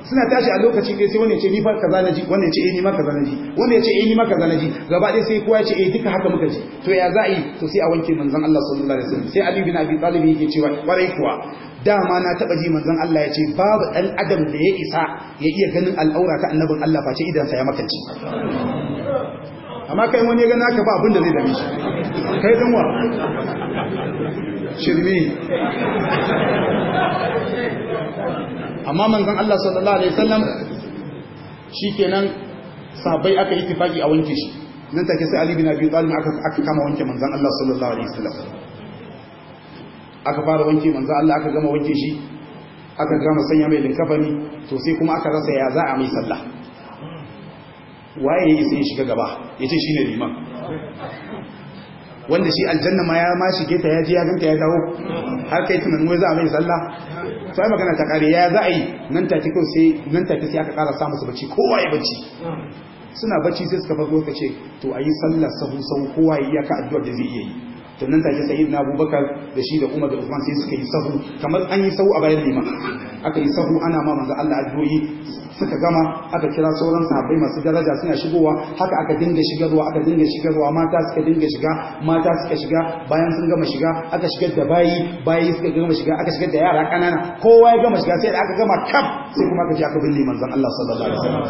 suna tashi a lokaci ɗaya sai wanda ya ce ni fa kaza naji wanda ya ce eh ni ma kaza naji wanda ya ce eh ni ma kaza gaba ɗaya sai kowa ya ce eh duka haka muka ji to ya za'i to sai a wanke manzan Allah sallallahu alaihi wasallam sai Ali bin Abi Talib yake cewa kwarai kuwa dama na taba ji manzon Allah ya ce babu dan adam da ya isa ya iya ganin al'aura ta annabin Allah face idan sa ya ci. amma kai wani ya ga naka ba abin da zai dame shi kai dan wa shirmi amma manzon Allah sallallahu alaihi wasallam shikenan sabai aka yi tifaki a wanke shi nan take sai Ali bin Abi Talib aka kama wanke manzon Allah sallallahu alaihi wasallam aka fara wanke manzo Allah aka gama wanke shi aka gama sanya mai linkafani to sai kuma aka rasa ya za a mai sallah waye ya isa ya shiga gaba ya ce shi ne liman wanda shi aljanna ma ya ma shige ta ya ji ya ganta ya dawo har kai tunan wai za a mai sallah to ai magana ta kare ya za a yi nan ta ko sai nan sai aka ƙara musu bacci kowa ya bacci suna bacci sai suka fago ka ce to ayi sallar sahu sahu kowa ya ka addu'a da zai iya yi to nan take sai ibn abubakar da shi da umar da usman sai suka yi sahu kamar an yi sahu a bayan liman aka yi sahu ana ma manzo Allah addu'o'i suka gama aka kira sauran sahabbai masu daraja suna shigowa haka aka dinga shigarwa aka dinga shigarwa mata suka dinga shiga mata suka shiga bayan sun gama shiga aka shigar da bayi bayi suka gama shiga aka shigar da yara kanana kowa ya gama shiga sai da aka gama kaf sai kuma aka ji aka liman zan Allah sallallahu alaihi wasallam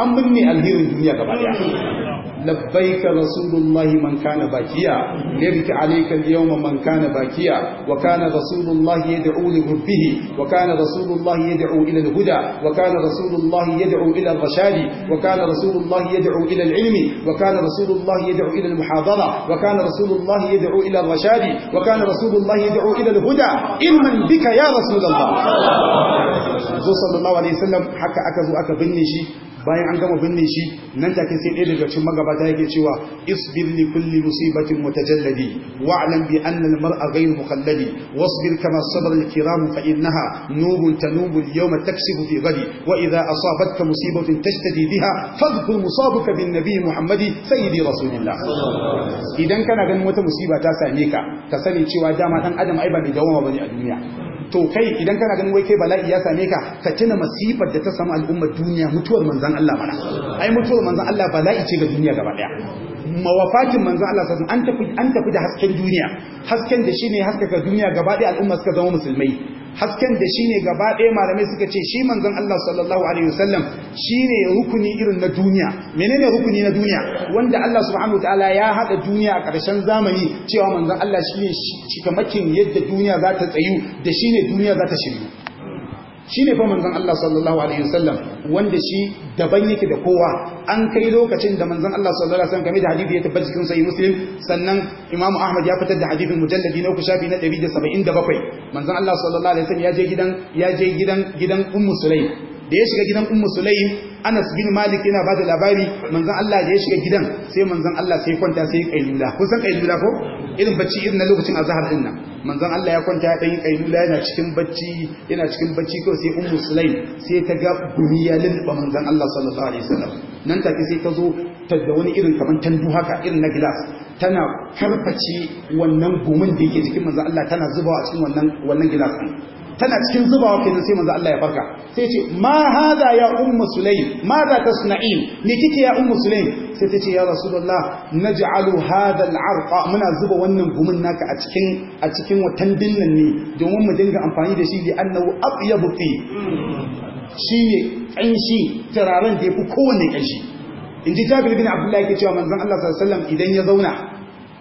an binne alhirin duniya gaba daya labbaika rasulullahi man kana bakiya labbaika alayka al-yawma man kana bakiya wa kana rasulullahi yad'u li hubbihi wa kana rasulullahi yad'u ila al-huda wa kana rasulullahi yad'u ila al-rashadi wa kana rasulullahi yad'u ila al-ilmi wa kana rasulullahi yad'u ila al-muhadara wa kana rasulullahi yad'u ila al-rashadi wa kana rasulullahi yad'u ila al-huda imman bika ya rasulullah zo sallallahu alaihi wasallam haka aka zo aka binne shi bayan an gama binne shi nan take sai ɗaya daga cikin magabata yake cewa isbir li kulli musibatin mutajalladi wa'lam bi anna al mar'a ghayr mukhalladi wasbir kama sabara al kiram fa innaha nurun tanubu al yawma taksibu fi ghadi wa idha asabatka musibatun tashtadi biha fadhkur musabaka bin nabiy muhammadi sayyidi rasulillah idan kana ganin wata musiba ta same ka ka sani cewa dama dan adam ai ba mai dawama bane a duniya to kai idan kana ganin wai kai bala'i ya same ka ka tuna masifar da ta samu al'ummar duniya mutuwar manzan Allah mana ai mutuwar manzan Allah bala'i ce ga duniya gaba daya mawafatin manzan Allah sassan an tafi da hasken duniya hasken da shine haskaka duniya gaba daya al'umma suka zama musulmai hasken da shine gaba ɗaya malamai suka ce shi manzon Allah sallallahu alaihi wasallam shine rukuni irin na duniya menene rukuni na duniya wanda Allah subhanahu wataala ya hada duniya a ƙarshen zamani cewa manzon Allah shine cikamakin yadda duniya za ta tsayu da shine duniya za ta shiryu shine fa manzon Allah sallallahu alaihi wasallam wanda shi daban yake da kowa an kai lokacin da manzon Allah sallallahu alaihi wasallam game da hadisi ya tabbata cikin sahih muslim sannan imamu ahmad ya fitar da hadisin mujalladi na uku shafi na 177 manzon Allah sallallahu alaihi wasallam ya je gidan ya je gidan gidan ummu sulaim da ya shiga gidan ummu sulaim Anas bin Malik yana ba da labari manzon Allah da ya shiga gidan sai manzon Allah sai kwanta sai kailula ko san kailula ko irin bacci irin na lokacin azhar din nan manzon Allah ya kwanta ya dan yi kailula yana cikin bacci yana cikin bacci ko sai ummu sulaim sai ta ga gumi ya lulluba manzon Allah sallallahu alaihi wasallam nan take sai ta zo ta da wani irin kamar tandu haka irin na glass tana karface wannan gomin da yake cikin manzo Allah tana zubawa a cikin wannan wannan gilasan tana cikin zubawa kenan sai manzo Allah ya farka sai ce ma hada ya ummu sulaim ma za tasna'in ne kike ya ummu sulaim sai ta ce ya rasulullah naj'alu hada al'arqa muna zuba wannan gomin naka a cikin a cikin watan dinnan ne domin mu dinga amfani da shi li annahu atyabu fi shi ne kanshi turaren da yafi kowanne kanshi in ji jabir bin abdullahi ke cewa manzon Allah sallallahu alaihi wasallam idan ya zauna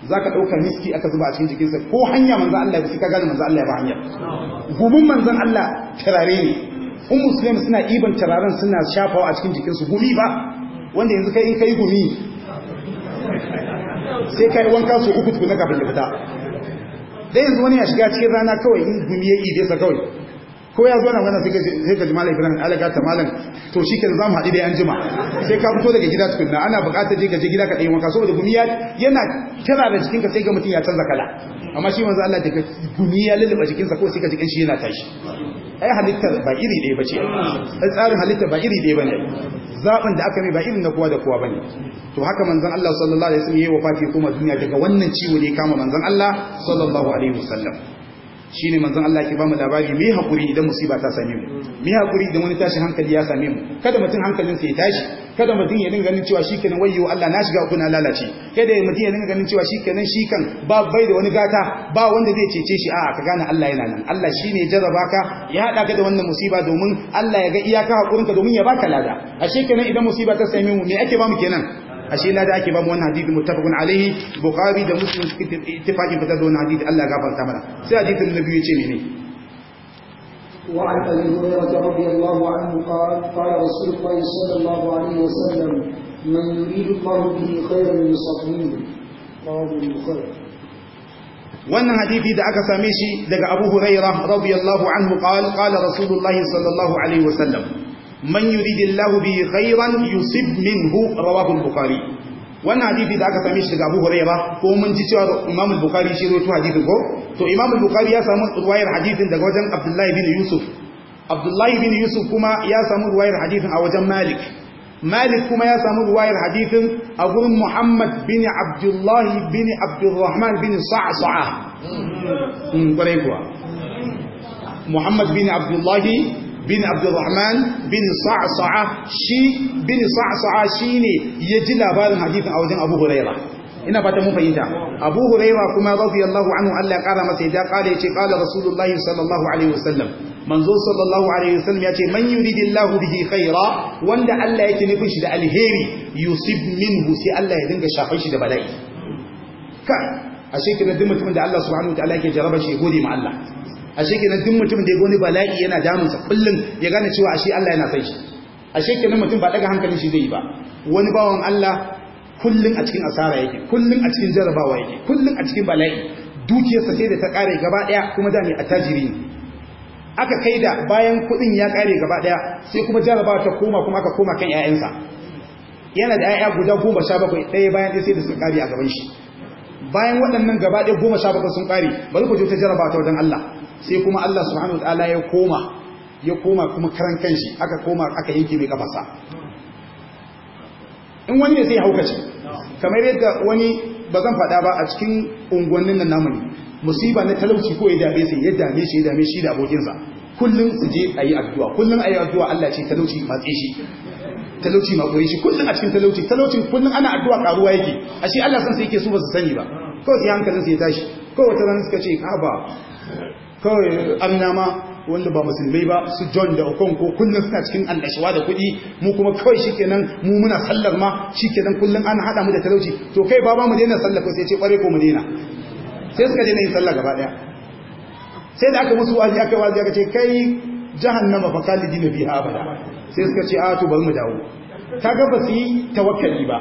Za ka ɗaukar miski aka zuba a cikin jikinsa ko hanya manzo Allah bai ka gane manzo Allah ba hanya gumin manzon Allah tarare ne in muslim suna iban tararen suna shafawa a cikin jikinsu gumi ba wanda yanzu kai in kai gumi sai kai wanka su uku tukuna kafin da fita dai yanzu wani ya shiga cikin rana kawai in gumi ya ibe sa kawai ko ya zo na wannan sai ka ji malam ibrahim alaka ta malam to shi kenan mu haɗu da yan jima sai ka fito daga gida tukunna ana buƙatar je ka je gida ka ɗaya wanka saboda duniya yana kira da jikin ka sai ga mutum ya canza kala amma shi manzo Allah daga duniya ya lulluɓa jikin sa ko sai ka ji kanshi yana tashi ai halittar ba iri ɗaya bace ai tsarin halittar ba iri ɗaya bane zaɓin da aka mai ba irin na kowa da kowa bane to haka manzon Allah sallallahu alaihi wasallam yayi wafati kuma duniya daga wannan ciwo ne kama manzon Allah sallallahu alaihi wasallam shi ne manzan Allah ke ba mu labari mai haƙuri idan musiba ta same mu mai haƙuri idan wani tashi hankali ya same mu kada mutum hankalinsa ya tashi kada mutum ya dinga ganin cewa shikenan wayyo Allah na shiga uku na lalace kada mutum ya dinga ganin cewa shikenan kan ba bai da wani gata ba wanda zai cece shi a'a ka gane Allah yana nan Allah shine jarraba ka ya hada ka da wannan musiba domin Allah ya ga iyaka haƙurinka domin ya baka lada a shikenan idan musiba ta same mu me ake ba mu kenan ashe na da ake ba mu wannan hadisi muttafaqun alaihi bukhari da muslim ittifaqin fitar da wannan hadisi Allah ya gafarta mana sai hadisin nabi ya ce menene وعن ابي هريره رضي الله عنه قال قال رسول الله صلى sallam عليه وسلم من يريد الله به خيرا يصليه wannan hadithi da aka same shi daga Abu Hurairah radiyallahu anhu qala qala Rasulullah sallallahu man yuridillahu bi khairan yusuf min rawahu al bukari. wannan hadisi da aka sami shi daga Abu Hurairah ko mun ji cewa Imam bukari bukhari shi rawaito hadisin ko to Imam bukari ya samu ruwayar hadisin daga wajen Abdullahi bin Yusuf Abdullahi bin Yusuf kuma ya samu ruwayar hadisin a wajen Malik Malik kuma ya samu ruwayar hadisin a gurin Muhammad bin Abdullahi bin Abdurrahman bin Sa'sa'a mm kwarai kuwa Muhammad bin Abdullahi. bin abdurrahman bin sa'sa'a shi bin sa'sa'a ya ji labarin hadisin a wajen abu huraira ina fata mun fahimta abu huraira kuma radiyallahu anhu Allah ya kara masa ya kare ce kala rasulullahi sallallahu alaihi wasallam manzo sallallahu alaihi wasallam ya ce man yuridillahu bihi khaira wanda Allah yake nufi shi da alheri yusib minhu sai Allah ya dinga shafan shi da bala'i ka ashe shekara duk mutumin da Allah subhanahu ta'ala yake jaraba shi gode ma Allah ashe kenan duk mutum da ya goni bala'i yana damunsa kullum ya gane cewa ashe Allah yana san shi ashe kenan mutum ba daga hankalin shi zai yi ba wani bawan Allah kullum a cikin asara yake kullum a cikin jarabawa yake kullum a cikin bala'i dukiyarsa sai da ta kare gaba daya kuma da ne attajiri ne aka kaida bayan kudin ya kare gaba daya sai kuma jarabawa ta koma kuma aka koma kan ƴaƴansa yana da ƴaƴa guda 17 ɗaya bayan ɗaya sai da su kare a gaban shi bayan waɗannan gaba ɗaya 17 sun kare bari ku je ta jarabawa ta wajen Allah sai kuma Allah subhanahu ta'ala ya koma ya koma kuma karan kanshi aka koma aka yanke mai kafasa in wani ne sai ya haukace kamar yadda wani ba zan faɗa ba a cikin unguwannin nan namu ne musiba na talauci ko ya dame sai ya dame shi ya dame shi da abokinsa kullum su je a yi addu'a kullum a yi addu'a Allah ce talauci matse shi talauci makoyi shi kullum a cikin talauci talauci kullum ana addu'a karuwa yake ashe Allah san sai yake su ba su sani ba kawai sai hankalin su ya tashi kawai wata ranar suka ce ka ba kawai amna ma wanda ba musulmai ba su john da okonko kullum suna cikin annashawa da kuɗi mu kuma kawai shikenan mu muna sallar ma shikenan kullum an haɗa mu da talauci to kai ba ba mu daina sallar ko sai ce kware ko mu daina sai suka daina yin sallah gaba ɗaya sai da aka musu wazi aka wazi aka ce kai jahannama fa kalidi na biya abada sai suka ce a ah, to bari mu dawo kaga ba su yi tawakkali ba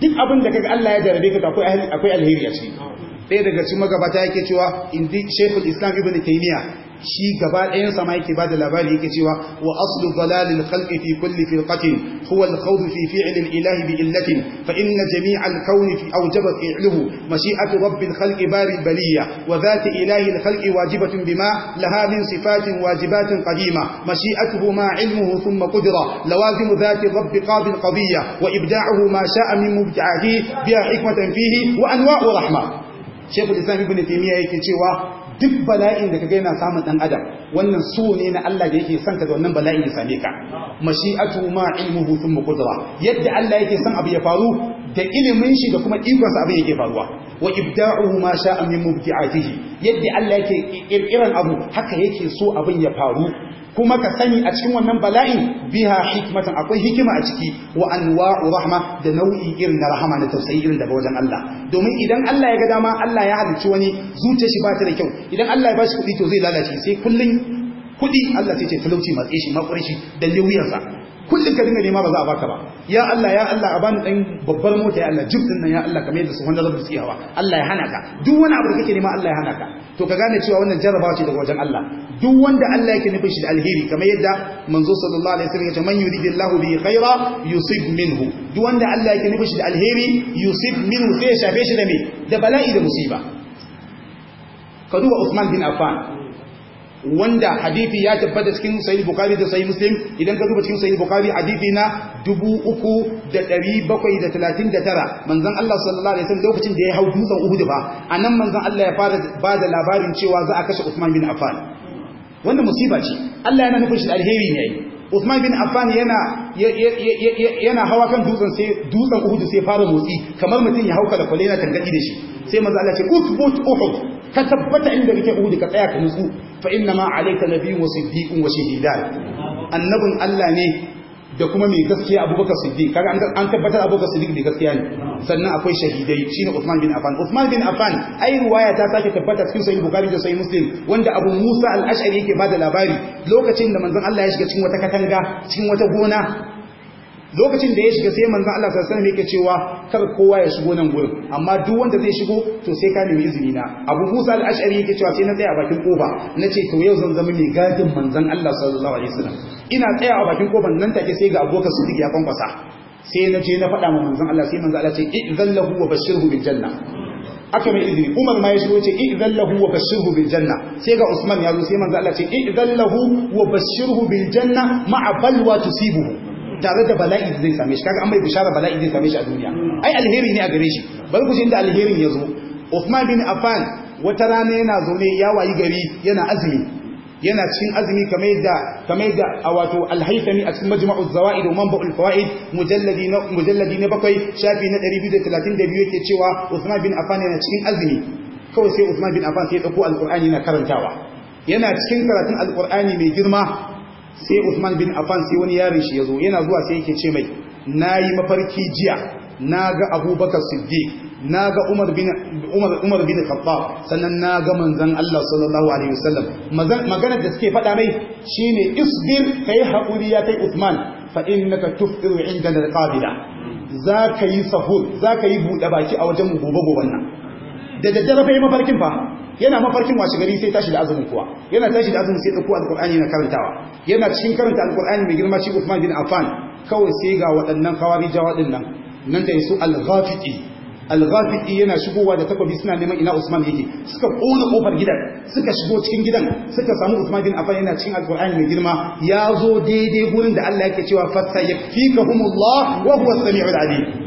duk abin da kaga Allah ya jarabe ka akwai akwai alheri a ciki ɗaya daga cikin magabata yake cewa indi shaykhul islam ibn taimiyya shi gaba ɗayan sama yake bada labari yake cewa wa aslu dalal al khalqi fi kulli firqatin huwa al khawd fi fi'l al ilahi bi illatin fa inna jami' al kawn fi awjaba fi'luhu mashi'atu rabb al khalqi bari al baliyya wa dhat ilahi al khalqi wajibatun bima laha min sifatin wajibatin qadima mashi'atuhu ma ilmuhu thumma qudra lawazim dhat rabb qad qadiyya wa ibda'uhu ma sha'a min mubta'ati biha hikmatan fihi wa anwa'u rahmah shekul islam ibn taymiya yake cewa duk bala'in da ka kaga yana samun ɗan adam wannan so ne na Allah da yake son ka da wannan bala'in ya same ka mashi'atu ma ilmuhu thumma qudra yadda Allah yake son abu ya faru da ilimin shi da kuma ikon sa abin yake faruwa wa ibda'uhu ma sha'a min mubdi'atihi yadda Allah yake kirkiran abu haka yake so abin ya faru kuma ka sani a cikin wannan bala'in biha hikmatan akwai hikima a ciki wa anwa'u rahma da nau'i irin na rahama na tausayi irin daga wajen Allah domin idan Allah ya ga dama Allah ya halicci wani zuciyar shi ba ta da kyau idan Allah ya bashi kuɗi to zai lalace sai kullun kuɗi Allah sai ce talauci matse shi makwarshi da lewuyansa kullum ka dinga nema ba za a baka ba ya Allah ya Allah a bani dan babbar mota ya Allah jib din nan ya Allah kamar yadda su wanda zabu tsiya ba Allah ya hana ka duk wani abu da kake nema Allah ya hana ka to ka gane cewa wannan jarrabawa ce daga wajen Allah duk wanda Allah yake nufin shi da alheri kamar yadda manzo sallallahu alaihi wasallam ya ce man yuridillahu bihi khaira yusib minhu duk wanda Allah yake nufin shi da alheri yusib minhu sai ya shafe shi da me da bala'i da musiba ka duba Uthman bin Affan wanda hadithi ya tabbata cikin sahih bukhari da sahih muslim idan ka duba cikin sahih bukhari hadithi na 3739 manzon Allah sallallahu alaihi wasallam lokacin da ya hau dutsen Uhud ba anan manzon Allah ya fara ba da labarin cewa za a kashe Uthman bin Affan wannan musiba ce Allah yana nufin shi alheri ne Uthman bin Affan yana yana hawa kan dutsen sai dutsen Uhud sai fara motsi kamar mutum ya hauka da kwalena tangadi da shi sai manzon Allah ya ce utbut Uhud ka tabbata inda kake Uhud ka tsaya ka nutsu fa inna ma alayka biyu wa siddiqun wa shahidan annabin Allah ne da kuma mai gaskiya abubakar siddiq kaga an tabbatar abubakar siddiq mai gaskiya ne sannan akwai shahidai shine Uthman bin Affan Uthman bin Affan ai ruwaya ta sake tabbata cikin sahih Bukhari da sahih Muslim wanda Abu Musa al-Ash'ari yake bada labari lokacin da manzon Allah ya shiga cikin wata katanga cikin wata gona lokacin da ya shiga sai manzan Allah sallallahu alaihi yake cewa kar kowa ya shigo nan gurin amma duk wanda zai shigo to sai ka nemi izini na Abu Musa al-Ash'ari yake cewa sai na tsaya a bakin kofa ce to yau zan zama mai gadin manzan Allah sallallahu alaihi wasallam ina tsaya a bakin kofan nan take sai ga abokan su ya kwankwasa sai na je na fada ma manzan Allah sai manzan Allah ce idzan lahu wa bashirhu bil janna aka mai izini Umar ma ya shigo ce idzan lahu wa bashirhu bil janna sai ga Usman ya zo sai manzan Allah ce idzan lahu wa bashirhu bil janna ma'a balwa tusibuhu tare da bala'i zai same shi kaga an bai bishara bala'i zai same shi a duniya ai alheri ne a gare shi bari ku ji inda alherin ya zo Uthman bin Affan wata rana yana zaune ya wayi gari yana azumi yana cikin azumi kamar da kamar da a wato alhaitami a cikin majma'u zawaid wa manba'ul fawaid mujalladi na mujalladi na bakwai shafi na 232 yake cewa Uthman bin Affan yana cikin azumi kawai sai Uthman bin Affan sai ya dauko al alqur'ani yana karantawa yana cikin karatun al alqur'ani mai girma sai Usman bin Affan sai wani yarin shi yazo yana zuwa sai yake ce mai nayi mafarki jiya naga Abubakar Siddiq naga Umar bin Umar Umar bin Khattab sannan naga manzon Allah sallallahu alaihi wasallam magana da suke faɗa mai shine isbir kai haƙuri ya kai Usman fa innaka tufiru inda al-qabila zaka yi sahur zaka yi bude baki a wajen gobe gobe nan da daddare fa yi mafarkin fa yana mafarkin washe gari sai tashi da azumin kuwa yana tashi da azumin sai ɗauko alƙur'ani na karantawa yana cikin karanta alƙur'ani mai girma shi Uthman bin Affan kawai sai ga waɗannan kawari ɗin nan nan da yasu al-ghafiqi yana shigowa da takobi suna neman ina Usman yake suka kona kofar gidan suka shigo cikin gidan suka samu Usman bin Affan yana cikin alqur'ani mai girma ya zo daidai gurin da Allah yake cewa fatta Allah wa huwa as-sami'ul 'alim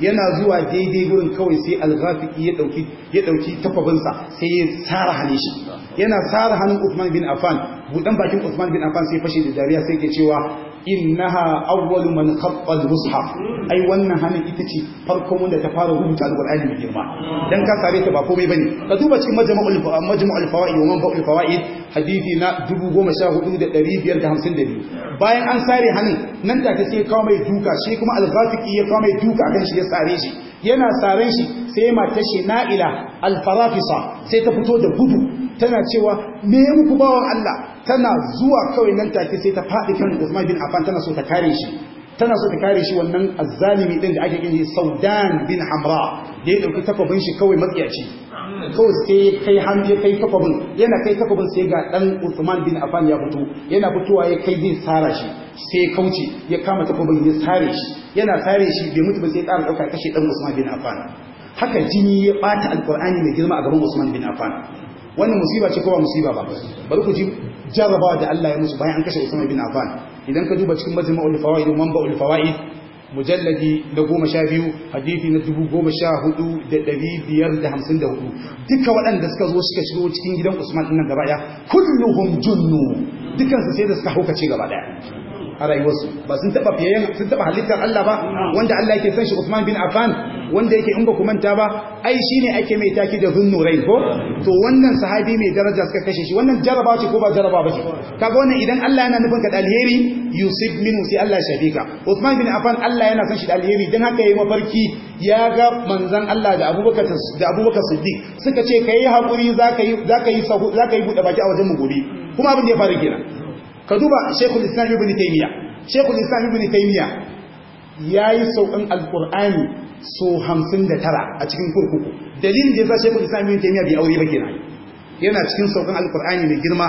yana zuwa daidai gurin kawai sai alghafiki ya dauki ya dauki sai ya tsara hannun shi yana tsara hannun Uthman bin Affan budan bakin Uthman bin Affan sai fashe da dariya sai ke cewa innaha awwalu man al-mushaf ai wannan hanin ita ce farkon wanda ta fara rubuta al-Qur'ani mai girma dan ka sare ta ba komai bane ka duba cikin majma'ul majma'ul fawaid wa manfa'ul fawaid hadisi na 14552 bayan an sare hanin nan take sai kawo mai duka shi kuma al-Ghafiqi ya kawo mai duka kan shi ya sare shi yana saren shi sai mata shi na'ila al-farafisa sai ta fito da gudu tana cewa me muku bawan Allah tana zuwa kawai nan take sai ta faɗi kan Usman bin Affan tana so ta kare shi tana so ta kare shi wannan azzalimi din da ake kini Saudan bin Hamra da ya dauki takobin shi kawai matsiyaci kawai sai kai hannu ya kai takobin yana kai takobin sai ga dan Usman bin Affan ya fito yana fitowa ya kai din sara shi sai ya kauce ya kama takobin ya sare shi yana sare shi bai mutu ba sai ya tsara dauka kashe dan Usman bin Affan haka jini ya bata alqur'ani mai girma a gaban Usman bin Affan wannan musiba ce ko ba musiba ba bari ku ji Jarabawa da Allah ya musu bayan an kashe Usman bin Affan idan ka duba cikin majma'ul fawaid wa manba'ul fawaid mujalladi na goma sha biyu hadithi na dubu goma sha hudu da ɗari biyar da hamsin da hudu duka waɗanda suka zo suka cikin gidan usman ɗin gaba ɗaya kulluhum junnu su sai da suka haukace gaba ɗaya a rayuwarsu ba sun taɓa fiyayyen sun taɓa halittar Allah ba wanda Allah yake san shi Usman bin Affan wanda yake in ba ku manta ba ai shine ake mai taki da rai ko to wannan sahabi mai daraja suka kashe shi wannan jaraba ce ko ba jaraba ba ce kaga wannan idan Allah yana nufin ka da alheri yusuf minu sai Allah shafi ka usman bin afan Allah yana san shi da alheri dan haka yayi mafarki ya ga manzon Allah da Abubakar da Abubakar Siddiq suka ce kai hakuri zaka yi zaka yi zaka yi bude baki a wajen mu gobe kuma abin da ya faru kenan ka duba shaykhul Islam Ibn taymiya shaykhul Islam Ibn taymiya yayi saukan alqur'ani so hamsin da tara a cikin kurkuku dalilin da ya sa shekul islam ibn taymiya bai aure ba kenan yana cikin saukan alkur'ani mai girma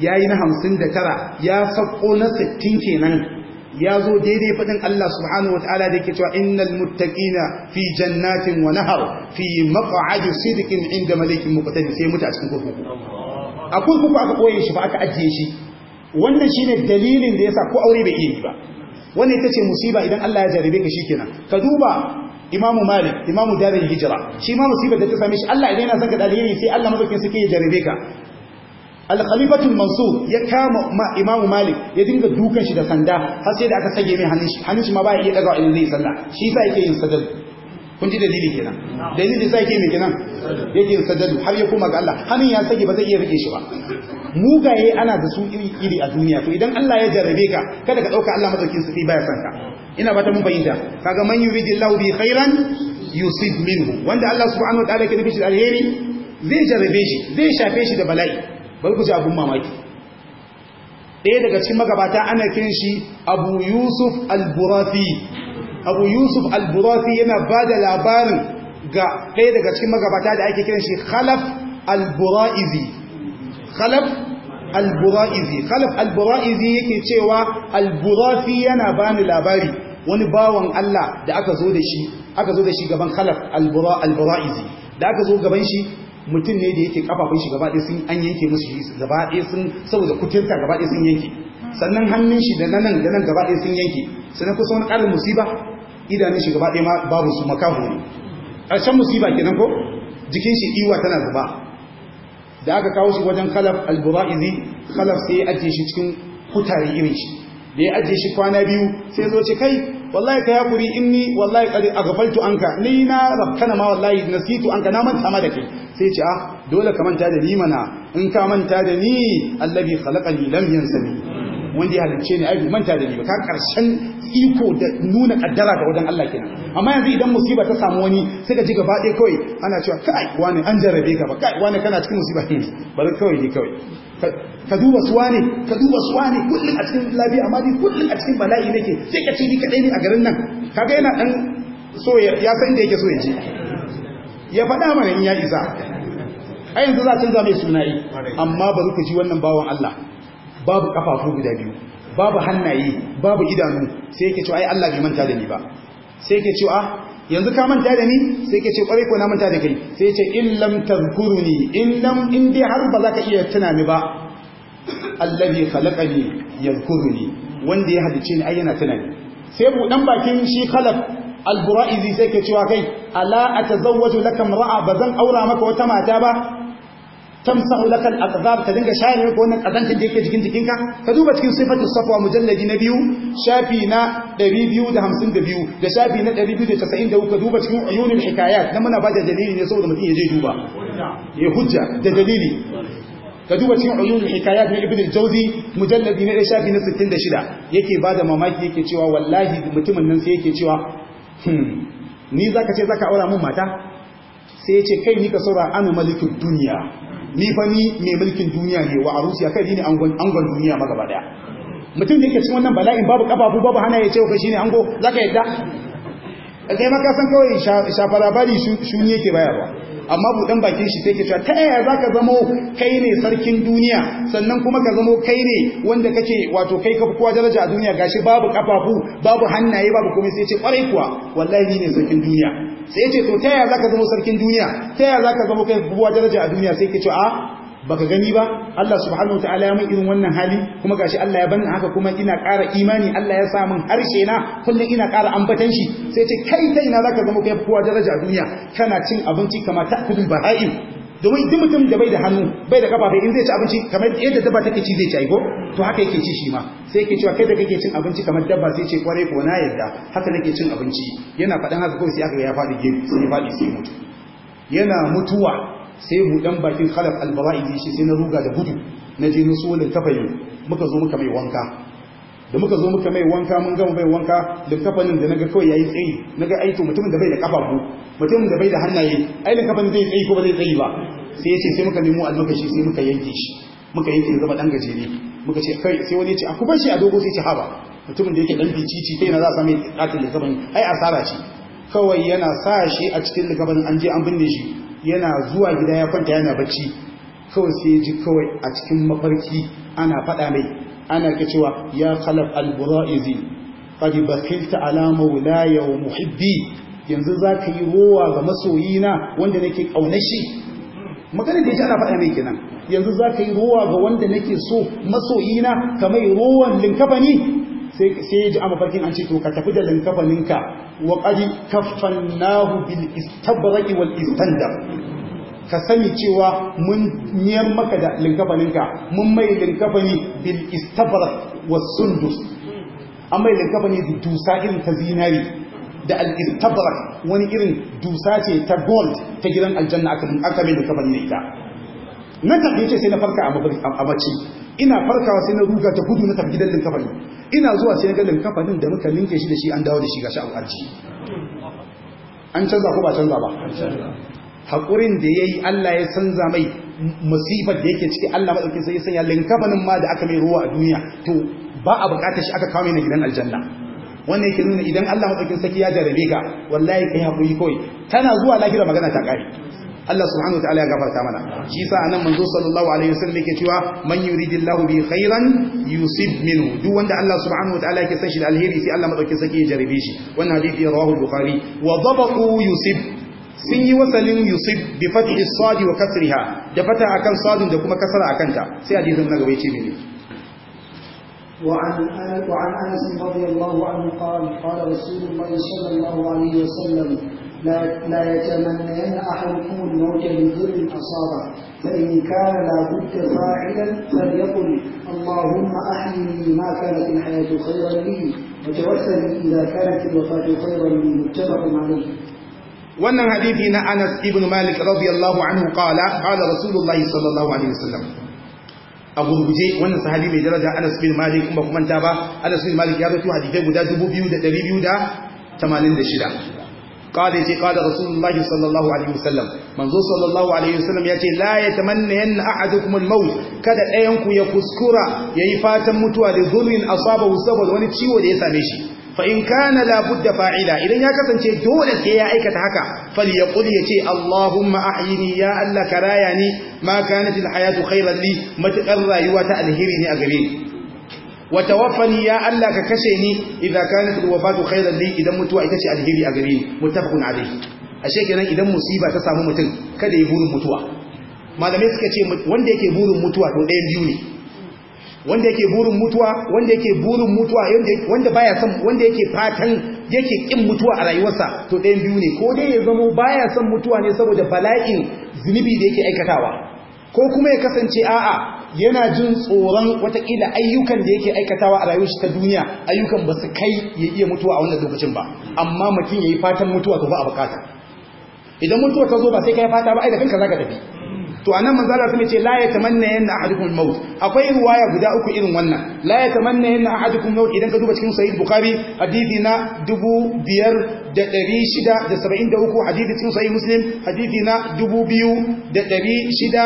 ya yi na hamsin da tara ya sako na sittin kenan ya zo daidai faɗin Allah subhanahu ta'ala da ke cewa innal muttaqina fi jannatin wa nahar fi maq'adi sidqin inda malikin muqtadir sai muta a cikin kurkuku a kurkuku aka koye shi ba aka ajiye shi wannan shine dalilin da yasa ko aure bai yi ba wannan ita ce musiba idan Allah ya jarabe ka shikenan ka duba imamu malik imamu darin hijira shi ma musibar da ta same shi Allah idan yana son ka dalili sai Allah madaukin suke ya jarabe ka al-khalifatul mansur ya kama ma imamu malik ya dinga dukan shi da sanda har sai da aka sage mai hannun shi hannun shi ma ba ya iya daga idan zai sallah shi sa yake yin sadal kun ji dalili kenan dalili sai yake mai kenan yake yin sadal har ya koma ga Allah hannun ya sage ba zai iya rike shi ba mugaye ana da su iri iri a duniya to idan Allah ya jarabe ka kada ka dauka Allah madaukin suke baya son ka ina fata mun fahimta kaga man yuridillahu bi khairan yusib minhu wanda Allah subhanahu ta'ala ke nufi shi alheri zai jarabe shi zai shafe shi da bala'i bari ku ji abun mamaki ɗaya daga cikin magabata ana kiran shi Abu Yusuf Al-Burafi Abu Yusuf Al-Burafi yana bada labarin ga ɗaya daga cikin magabata da ake kiran shi Khalaf Al-Buraizi Khalaf al-bura'izi khalaf al-bura'izi yake cewa al-burafi yana bani labari wani bawan Allah da aka zo da shi aka zo da shi gaban khalaf al-bura'izi da aka zo gaban shi mutum ne da yake kafafun shi gaba ɗaya sun an yanke musu shi gaba ɗaya sun saboda kuturta gaba ɗaya sun yanke sannan hannun shi da nan da nan gaba ɗaya sun yanke sannan kusa wani ƙarin musiba idanun shi gaba ɗaya ma babu su makaho ne ƙarshen musiba kenan ko jikin shi iwa tana zuba da aka kawo shi wajen khalaf al-bura'izi khalaf sai ya ajiye shi cikin kutare irin shi da ya ajiye shi kwana biyu sai zo ce kai wallahi ka yakuri inni wallahi qad aghfaltu anka ni na rabbana ma wallahi nasitu anka na manta ma da kai sai ce ah dole ka manta da ni mana in ka manta da ni allabi khalaqani lam yansani wanda ya halarce ne, ai manta da ni ba ka karshen iko da nuna kaddara ga wajen Allah kenan amma yanzu idan musiba ta samu wani sai ka ji gaba ɗaya kawai ana cewa kai wani an jarabe ka ba kai wani kana cikin musiba ne bari kawai ne kawai ka duba suwa ne ka duba suwa ne kullum a cikin lafiya amma ni kullum a cikin bala'i nake sai ka ce ni kadai ne a garin nan kaga yana dan so ya san da yake so ya ji ya faɗa mana in ya isa a yanzu za a canza mai sunayi amma ba ku ji wannan bawan Allah babu kafafu guda biyu babu hannaye babu idanu sai yake cewa ai Allah bai manta da ni ba sai yake cewa ah, yanzu ka manta da ni sai yake cewa kware ko na manta da kai sai yace in lam tazkuruni in lam in dai har ba za ka iya tuna ni ba allazi khalaqani yadhkuruni wanda ya hadice ni ai yana tuna ni sai budan bakin shi khalaq buraizi sai yake cewa kai ala atazawwaju lakam ra'a bazan aura maka wata mata ba tamsahu laka al-aqdab ka dinga share ko wannan kazantar da yake jikin jikinka ka duba cikin sifatu safwa mujalladi na biyu shafi na 252 da shafi na 293 ka duba cikin uyunul hikayat nan muna bada dalili ne saboda mutum ya je duba ya hujja da dalili ka duba cikin uyunul hikayat na ibn al-jawzi mujalladi na shafi na 66 yake bada mamaki yake cewa wallahi mutumin nan sai yake cewa hmm, ni zaka ce zaka aura mun mata sai ya ce kai ni ka saura ana malikin duniya ni fa ni mai mulkin duniya ne wa arusiya kai ni ne angon duniya ma gaba daya mutum da yake cikin wannan bala'in babu kafafu babu hana ya ce fa shine ango zaka yadda kai ma maka san kawai shafara labari shuni yake baya bayarwa amma buɗan bakin shi sai ke cewa ta yaya za ka zamo kai ne sarkin duniya sannan kuma ka zamo kai ne wanda kake wato kai ka kowa daraja a duniya gashi babu kafafu babu hannaye babu komai sai ce kwarai kuwa wallahi ni ne sarkin duniya sai ce to ta yaya za ka zamo sarkin duniya ta yaya za ka zamo kai kowa daraja a duniya sai ke ce a baka gani ba Allah subhanahu wataala ya mun irin wannan hali kuma gashi Allah ya banna haka kuma ina ƙara imani Allah ya sa mun harshe na kullum ina ƙara ambatan shi sai ce kai kai na zaka zama kai kowa daraja a duniya kana cin abinci kamar ta'kulul bara'in domin duk mutum da bai da hannu bai da kafa bai in zai ci abinci kamar yadda dabba take ci zai ci aiko to haka yake ci shi ma sai yake cewa kai da kake cin abinci kamar dabba sai ce kware ko na yadda haka nake cin abinci yana faɗan haka kawai sai aka ga ya faɗi gefe sai ya faɗi sai mutu yana mutuwa sai buɗan bakin khalaf albara'i ne shi sai na ruga da gudu na je na so linkafayin muka zo muka mai wanka da muka zo muka mai wanka mun gama mai wanka linkafanin da naga kawai yayi tsayi naga aito mutumin da bai da ko mutumin da bai da hannaye ai linkafanin zai tsayi ko ba zai tsayi ba sai ya ce sai muka nemo almakashi sai muka yanke shi muka yanke zama dan gajere muka ce kai sai wani ya ce a ku shi a dogo sai ce haba mutumin da yake dan bicici sai na za a sami ɗakin linkafanin ai asara ce kawai yana sa shi a cikin likabarin an je an binne shi yana zuwa gida ya kwanta yana bacci kawai sai ji kawai a cikin mafarki ana faɗa mai ana ka cewa ya khalaf al-bura'izi qad bakhilta ala mawlaya wa muhibbi yanzu zaka yi rowa ga masoyina wanda nake kaunar shi magana da yake ana faɗa mai kenan yanzu zaka yi rowa ga wanda nake so masoyina kamar rowan linkafani sai ya ji a mafarkin an ce to ka tafi da linkafaninka wa ƙari kafannahu bil istabraki wal istandar ka sani cewa mun miyar maka da linkafaninka mun mai linkafani bil istabrak was sundus an mai linkafani da dusa irin ta zinari da al istabrak wani irin dusa ce ta gold ta gidan aljanna aka aka mai linkafani da ita na tafi ce sai na farka a mace ina farkawa sai na ruga ta gudu na tafi gidan linkafani ina zuwa sai na ga linkafanin da muka linke shi da shi an dawo da shi gashi a arji an canza ko ba canza ba haƙurin da ya yi Allah ya canza mai masifar da yake ciki Allah maɗauki sai ya sanya linkafanin ma da aka mai ruwa a duniya to ba a buƙatar shi aka kawo mai na gidan aljanna wannan yake nuna idan Allah maɗaukin saki ya jarabe ka wallahi kai haƙuri kawai tana zuwa lahira magana ta ƙare Allah subhanahu wa ta'ala ya gafarta mana shi yasa anan manzo sallallahu alaihi wasallam yake cewa man yuridillahu bi khairan yusib minhu duk wanda Allah subhanahu wa ta'ala yake san shi da alheri sai Allah madaukin saki ya jarabe shi wannan hadisi rawahu bukhari wa dabaqu yusib sun yi wasalin yusuf bi fatihi sadi wa kasriha da fata akan sadin da kuma kasara akan ta sai hadisin na gaba yace mene وعن وعن انس رضي الله عنه قال قال رسول الله صلى الله عليه وسلم لا يتمنين أحدكم الموت من ذر أصابه فإن كان لابد فاعلا فليقل اللهم أحيني ما كانت الحياة خيرا لي وتوفني إذا كانت الوفاة خيرا لي متفق عليه wannan hadithi na Anas ibn Malik radiyallahu anhu qala qala Rasulullah sallallahu alaihi wasallam a wannan sahabi mai daraja Anas ibn Malik kuma kuma ta ba Anas ibn Malik ya rawaito hadithai guda 2286 قال يجي قال رسول الله صلى الله عليه وسلم منذ صلى الله عليه وسلم يجي لا يتمنين أحدكم الموت كذا أينكو يكسكرا يفاتا متوى لظلم أصابه السبب ونتشيو ليساميشي فإن كان لابد فاعلا إذا يكسن شيء دولة يا أيكة هكا فليقول يجي اللهم أحيني يا ألا كراياني ما كانت الحياة خيرا لي ما تقرى يواتا الهيريني أقريني wa tawaffani ya Allah ka kashe ni idza kanat alwafatu khairan li idan mutuwa ita ce alheri a gare ni muttafaqun alayhi ashe kenan idan musiba ta samu mutum kada ya burin mutuwa malamai suka ce wanda yake burin mutuwa to ɗayan biyu ne wanda yake burin mutuwa wanda yake burin mutuwa wanda baya son wanda yake fatan yake kin mutuwa a rayuwarsa to ɗayan biyu ne ko dai ya zama baya son mutuwa ne saboda bala'in zunubi da yake aikatawa ko kuma ya kasance a'a yana jin tsoron watakila ayyukan da yake aikatawa a rayuwar ta duniya ayyukan ba su kai ya iya mutuwa a wannan lokacin ba amma mutum yi fatan mutuwa ko ba a bukata idan mutuwa ta zo ba sai kai fata ba ai da kanka zaka tafi to anan manzo Allah sun ce la yatamanna yanna ahadukum maut akwai riwaya guda uku irin wannan la yatamanna yanna ahadukum maut idan ka duba cikin sahih bukhari hadisi na biyar. da ɗari shida da saba'in da uku hadithi cikin sahih muslim hadithi na dubu biyu da ɗari shida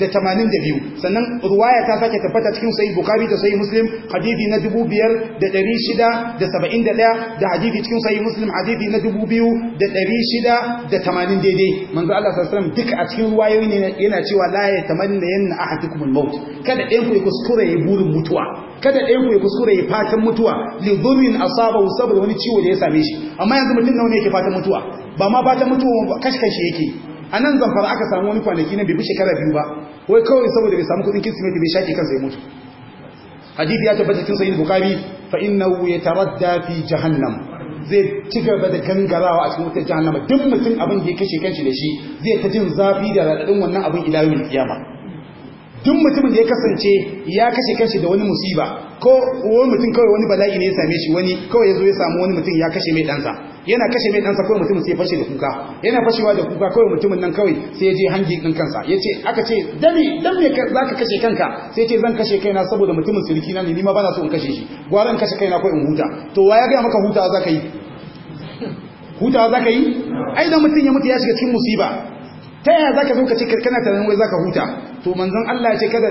da tamanin da biyu sannan ruwaya ta sake tabbata cikin sahih bukari da sahih muslim hadithi na dubu biyar da ɗari shida da saba'in da ɗaya da hadithi cikin sahih muslim hadithi na dubu biyu da ɗari shida da tamanin daidai manzo Allah sallallahu alaihi duka a cikin ruwayoyi ne yana cewa la ya tamanna yanna ahadukum al-maut kada ɗayan ku ya kuskure ya burin mutuwa kada ɗaya ku ya kuskure ya fatan mutuwa li a asabahu saboda wani ciwo da ya same shi amma yanzu mutum nawa ne yake fatan mutuwa ba ma fatan mutuwa ba kashi yake a nan zamfar aka samu wani kwanaki na bibi shekara biyu ba wai kawai saboda bai samu kudin kirsimeti bai shaƙe kansa ya mutu hadith ya tabbata cikin sahih bukhari fa innahu yataradda fi jahannam zai ci gaba da gangarawa a cikin wutar jahannama duk mutum abin da ya kashe kanshi da shi zai ta jin zafi da raɗaɗin wannan abin ila yau kiyama duk mutumin da ya kasance ya kashe kashe da wani musiba ko wani mutum kawai wani bala'i ne ya same shi wani kawai ya zo ya samu wani mutum ya kashe mai ɗansa yana kashe mai ɗansa kawai mutumin sai fashe da kuka yana fashewa da kuka kawai mutumin nan kawai sai ya je hangi ɗin kansa ya ce aka ce dami dan me za ka kashe kanka sai ce zan kashe kaina saboda mutumin sirki na ne ni ma ba na so in kashe shi gwara in kashe kaina kawai in huta to wa ya gaya maka hutawa za ka yi hutawa za ka yi ai da mutum ya mutu ya shiga cikin musiba ta yaya zaka zo ka ce kana tunanin wai zaka huta to manzon Allah ya ce kada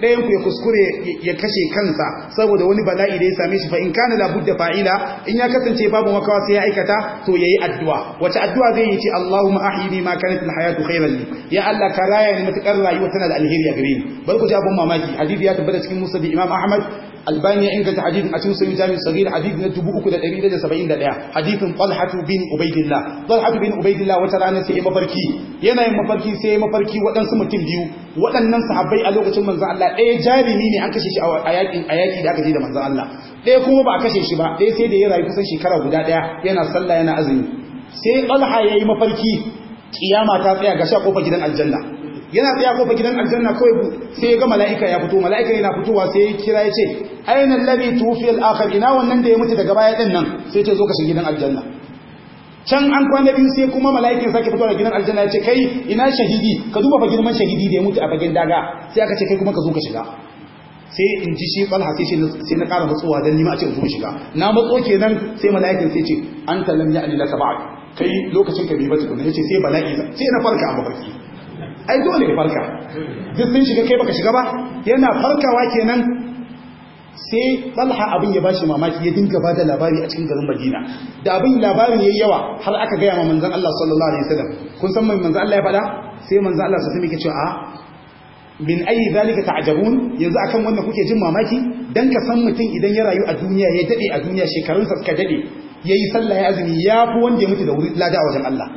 ɗayan ku ya kuskure ya kashe kansa saboda wani bala'i da ya same shi fa in kana la budda fa'ila in ya kasance babu makawa sai ya aikata to yayi addu'a wace addu'a zai yi ce Allahumma ahyini ma kanat alhayatu khayran li ya Allah ka raya ni matakar rayuwa tana da alheri a gare ni bar ku ji abun mamaki hadisi ya tabbata cikin musnad Imam Ahmad Albaniya ya inganta hadithin a cikin sahih jami sagir hadith na 3,371 hadithin talhatu bin ubaidillah talhatu bin ubaidillah wata rana sai mafarki yana yin mafarki sai mafarki waɗansu mutum biyu waɗannan sahabbai a lokacin manzan Allah ɗaya jarimi ne an kashe shi a yaƙi da aka je da manzon Allah ɗaya kuma ba a kashe shi ba ɗaya sai da ya rayu kusan shekara guda ɗaya yana sallah yana azumi sai ya yi mafarki kiyama ta tsaya ga sha kofar gidan aljanna yana tsaye kofa gidan aljanna kawai sai ya ga mala'ika ya fito mala'ika yana fitowa sai ya kira ya ce aina alladhi tufi al-akhir ina wannan da ya mutu daga baya din nan sai ce zo ka shiga gidan aljanna can an kwana biyu sai kuma mala'ikin sake fitowa gidan aljanna ya ce kai ina shahidi ka duba fa girman shahidi da ya mutu a fagen daga sai aka ce kai kuma ka zo ka shiga sai in ji shi tsalha sai sai na ƙara matsowa dan nima a ce in zo shiga na matso kenan sai mala'ikin sai ce anta lam ya'li laka ba'd kai lokacin ka bai ba ya ce sai bala'i sai na farka a mafarki ai dole ne farka duk sun shiga kai baka shiga ba yana farkawa kenan sai talha abin ya bashi mamaki ya dinga bada labari a cikin garin madina da abin labarin yayi yawa har aka gaya ma manzon Allah sallallahu alaihi wasallam kun san mai manzon Allah ya faɗa sai manzon Allah sallallahu alaihi wasallam cewa a min ayi zalika ta'jabun yanzu akan wannan kuke jin mamaki dan ka san mutum idan ya rayu a duniya ya dade a duniya shekarunsa suka dade yayi sallah ya azumi ya fi wanda ya mutu da wuri lada wajen Allah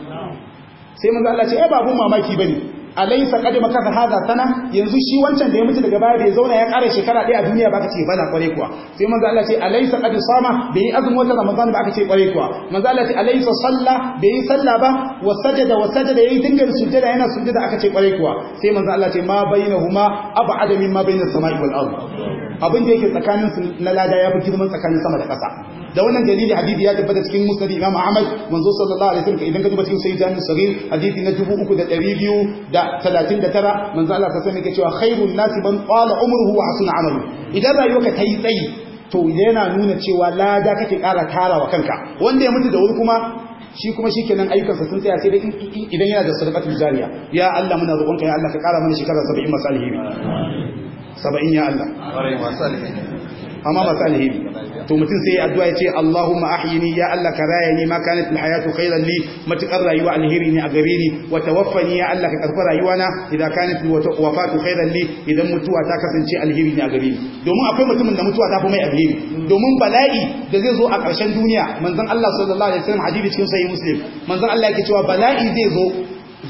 sai manzo Allah ce eh ba abun mamaki bane alaysa qad makatha haza sana yanzu shi wancan da ya mutu daga baya bai zauna ya kare shekara ɗaya a duniya ba ka ce bana kware kuwa sai manzo Allah ce alaysa qad sama bai azumi wata ramadan ba ka ce kware kuwa manzo Allah ce alaysa salla bai salla ba wa sajada wa sajada yayi dingar sujjada yana sujjada aka ce kware kuwa sai manzo Allah ce ma bainahuma ab'ada mimma bainas sama'i wal abin da yake tsakanin su na lada ya fi girman tsakanin sama da ƙasa da wannan dalili hadisi ya tabbata cikin musnad imam ahmad manzo sallallahu alaihi wasallam idan ka duba cikin sayyidina sahih hadisi na 3239 manzo Allah sallallahu alaihi cewa khairun nasi man qala umruhu wa hasuna amalu idan rayuwarka ta yi tsayi to yana nuna cewa lada kake ƙara tarawa kanka wanda ya mutu da wuri kuma shi kuma shi kenan ayyukansa sun tsaya sai dai idan yana da sadaqatul jariya ya Allah muna roƙonka ya Allah ka ƙara mana shekara 70 masu alheri saba'in ya Allah amma masu alheri to mutum sai addu'a ya ce Allahumma ahyini ya Allah ka raya ni ma kanat alhayatu khayran li matakar rayuwa alheri ne a gare ni wa tawaffani ya Allah ka karfa rayuwa na idan kanat wafatu khayran li idan mutuwa ta kasance alheri ne a gare ni domin akwai mutumin da mutuwa ta fi mai alheri domin bala'i da zai zo a ƙarshen duniya manzon Allah sallallahu alaihi wasallam hadisi cikin sahih muslim manzon Allah yake cewa bala'i zai zo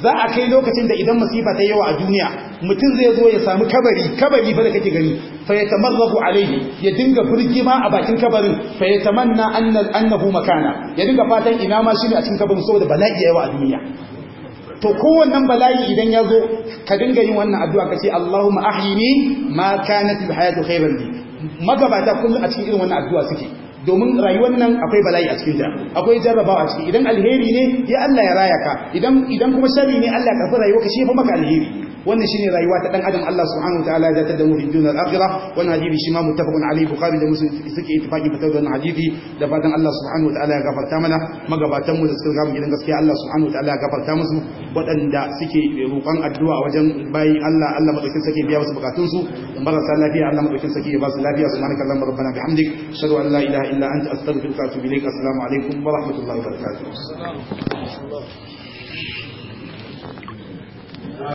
za a kai lokacin da idan masifa ta yawa a duniya mutum zai zo ya sami kabari kabari ba da kake gani fa ya tamarrahu alaihi ya dinga burgima a bakin kabarin fa ya tamanna annahu makana ya dinga fatan ina ma shi ne a cikin kabarin saboda bala'i ya yawa a duniya to kowannen bala'i idan ya zo ka dinga yin wannan addu'a kace Allahumma ahyini ma kanat al hayatu khayran li magabata kullu a cikin irin wannan addu'a suke domin rayuwar nan akwai bala'i a cikinta akwai jarrabawa a ciki idan alheri ne ya Allah ya raya ka idan kuma shari ne Allah ya karfi rayuwa ka shefa maka alheri wannan shine rayuwa ta dan adam Allah subhanahu wataala ya zata da mu fi da akhirah wannan hadisi shi ma muttafaqun alaihi bukhari da muslim suke ittifaqi fitar da wannan hadisi da fatan Allah subhanahu wataala ya gafarta mana magabatan mu da suka gamu gidan gaskiya Allah subhanahu wataala ya gafarta musu waɗanda suke roƙon addu'a wajen bayin Allah Allah madaukin sake biya musu bukatun su barasa lafiya Allah madaukin sake ya ba su lafiya subhanaka allahumma rabbana bihamdik ashhadu an la ilaha illa anta astaghfiruka wa atubu ilaik assalamu alaikum wa rahmatullahi wa barakatuh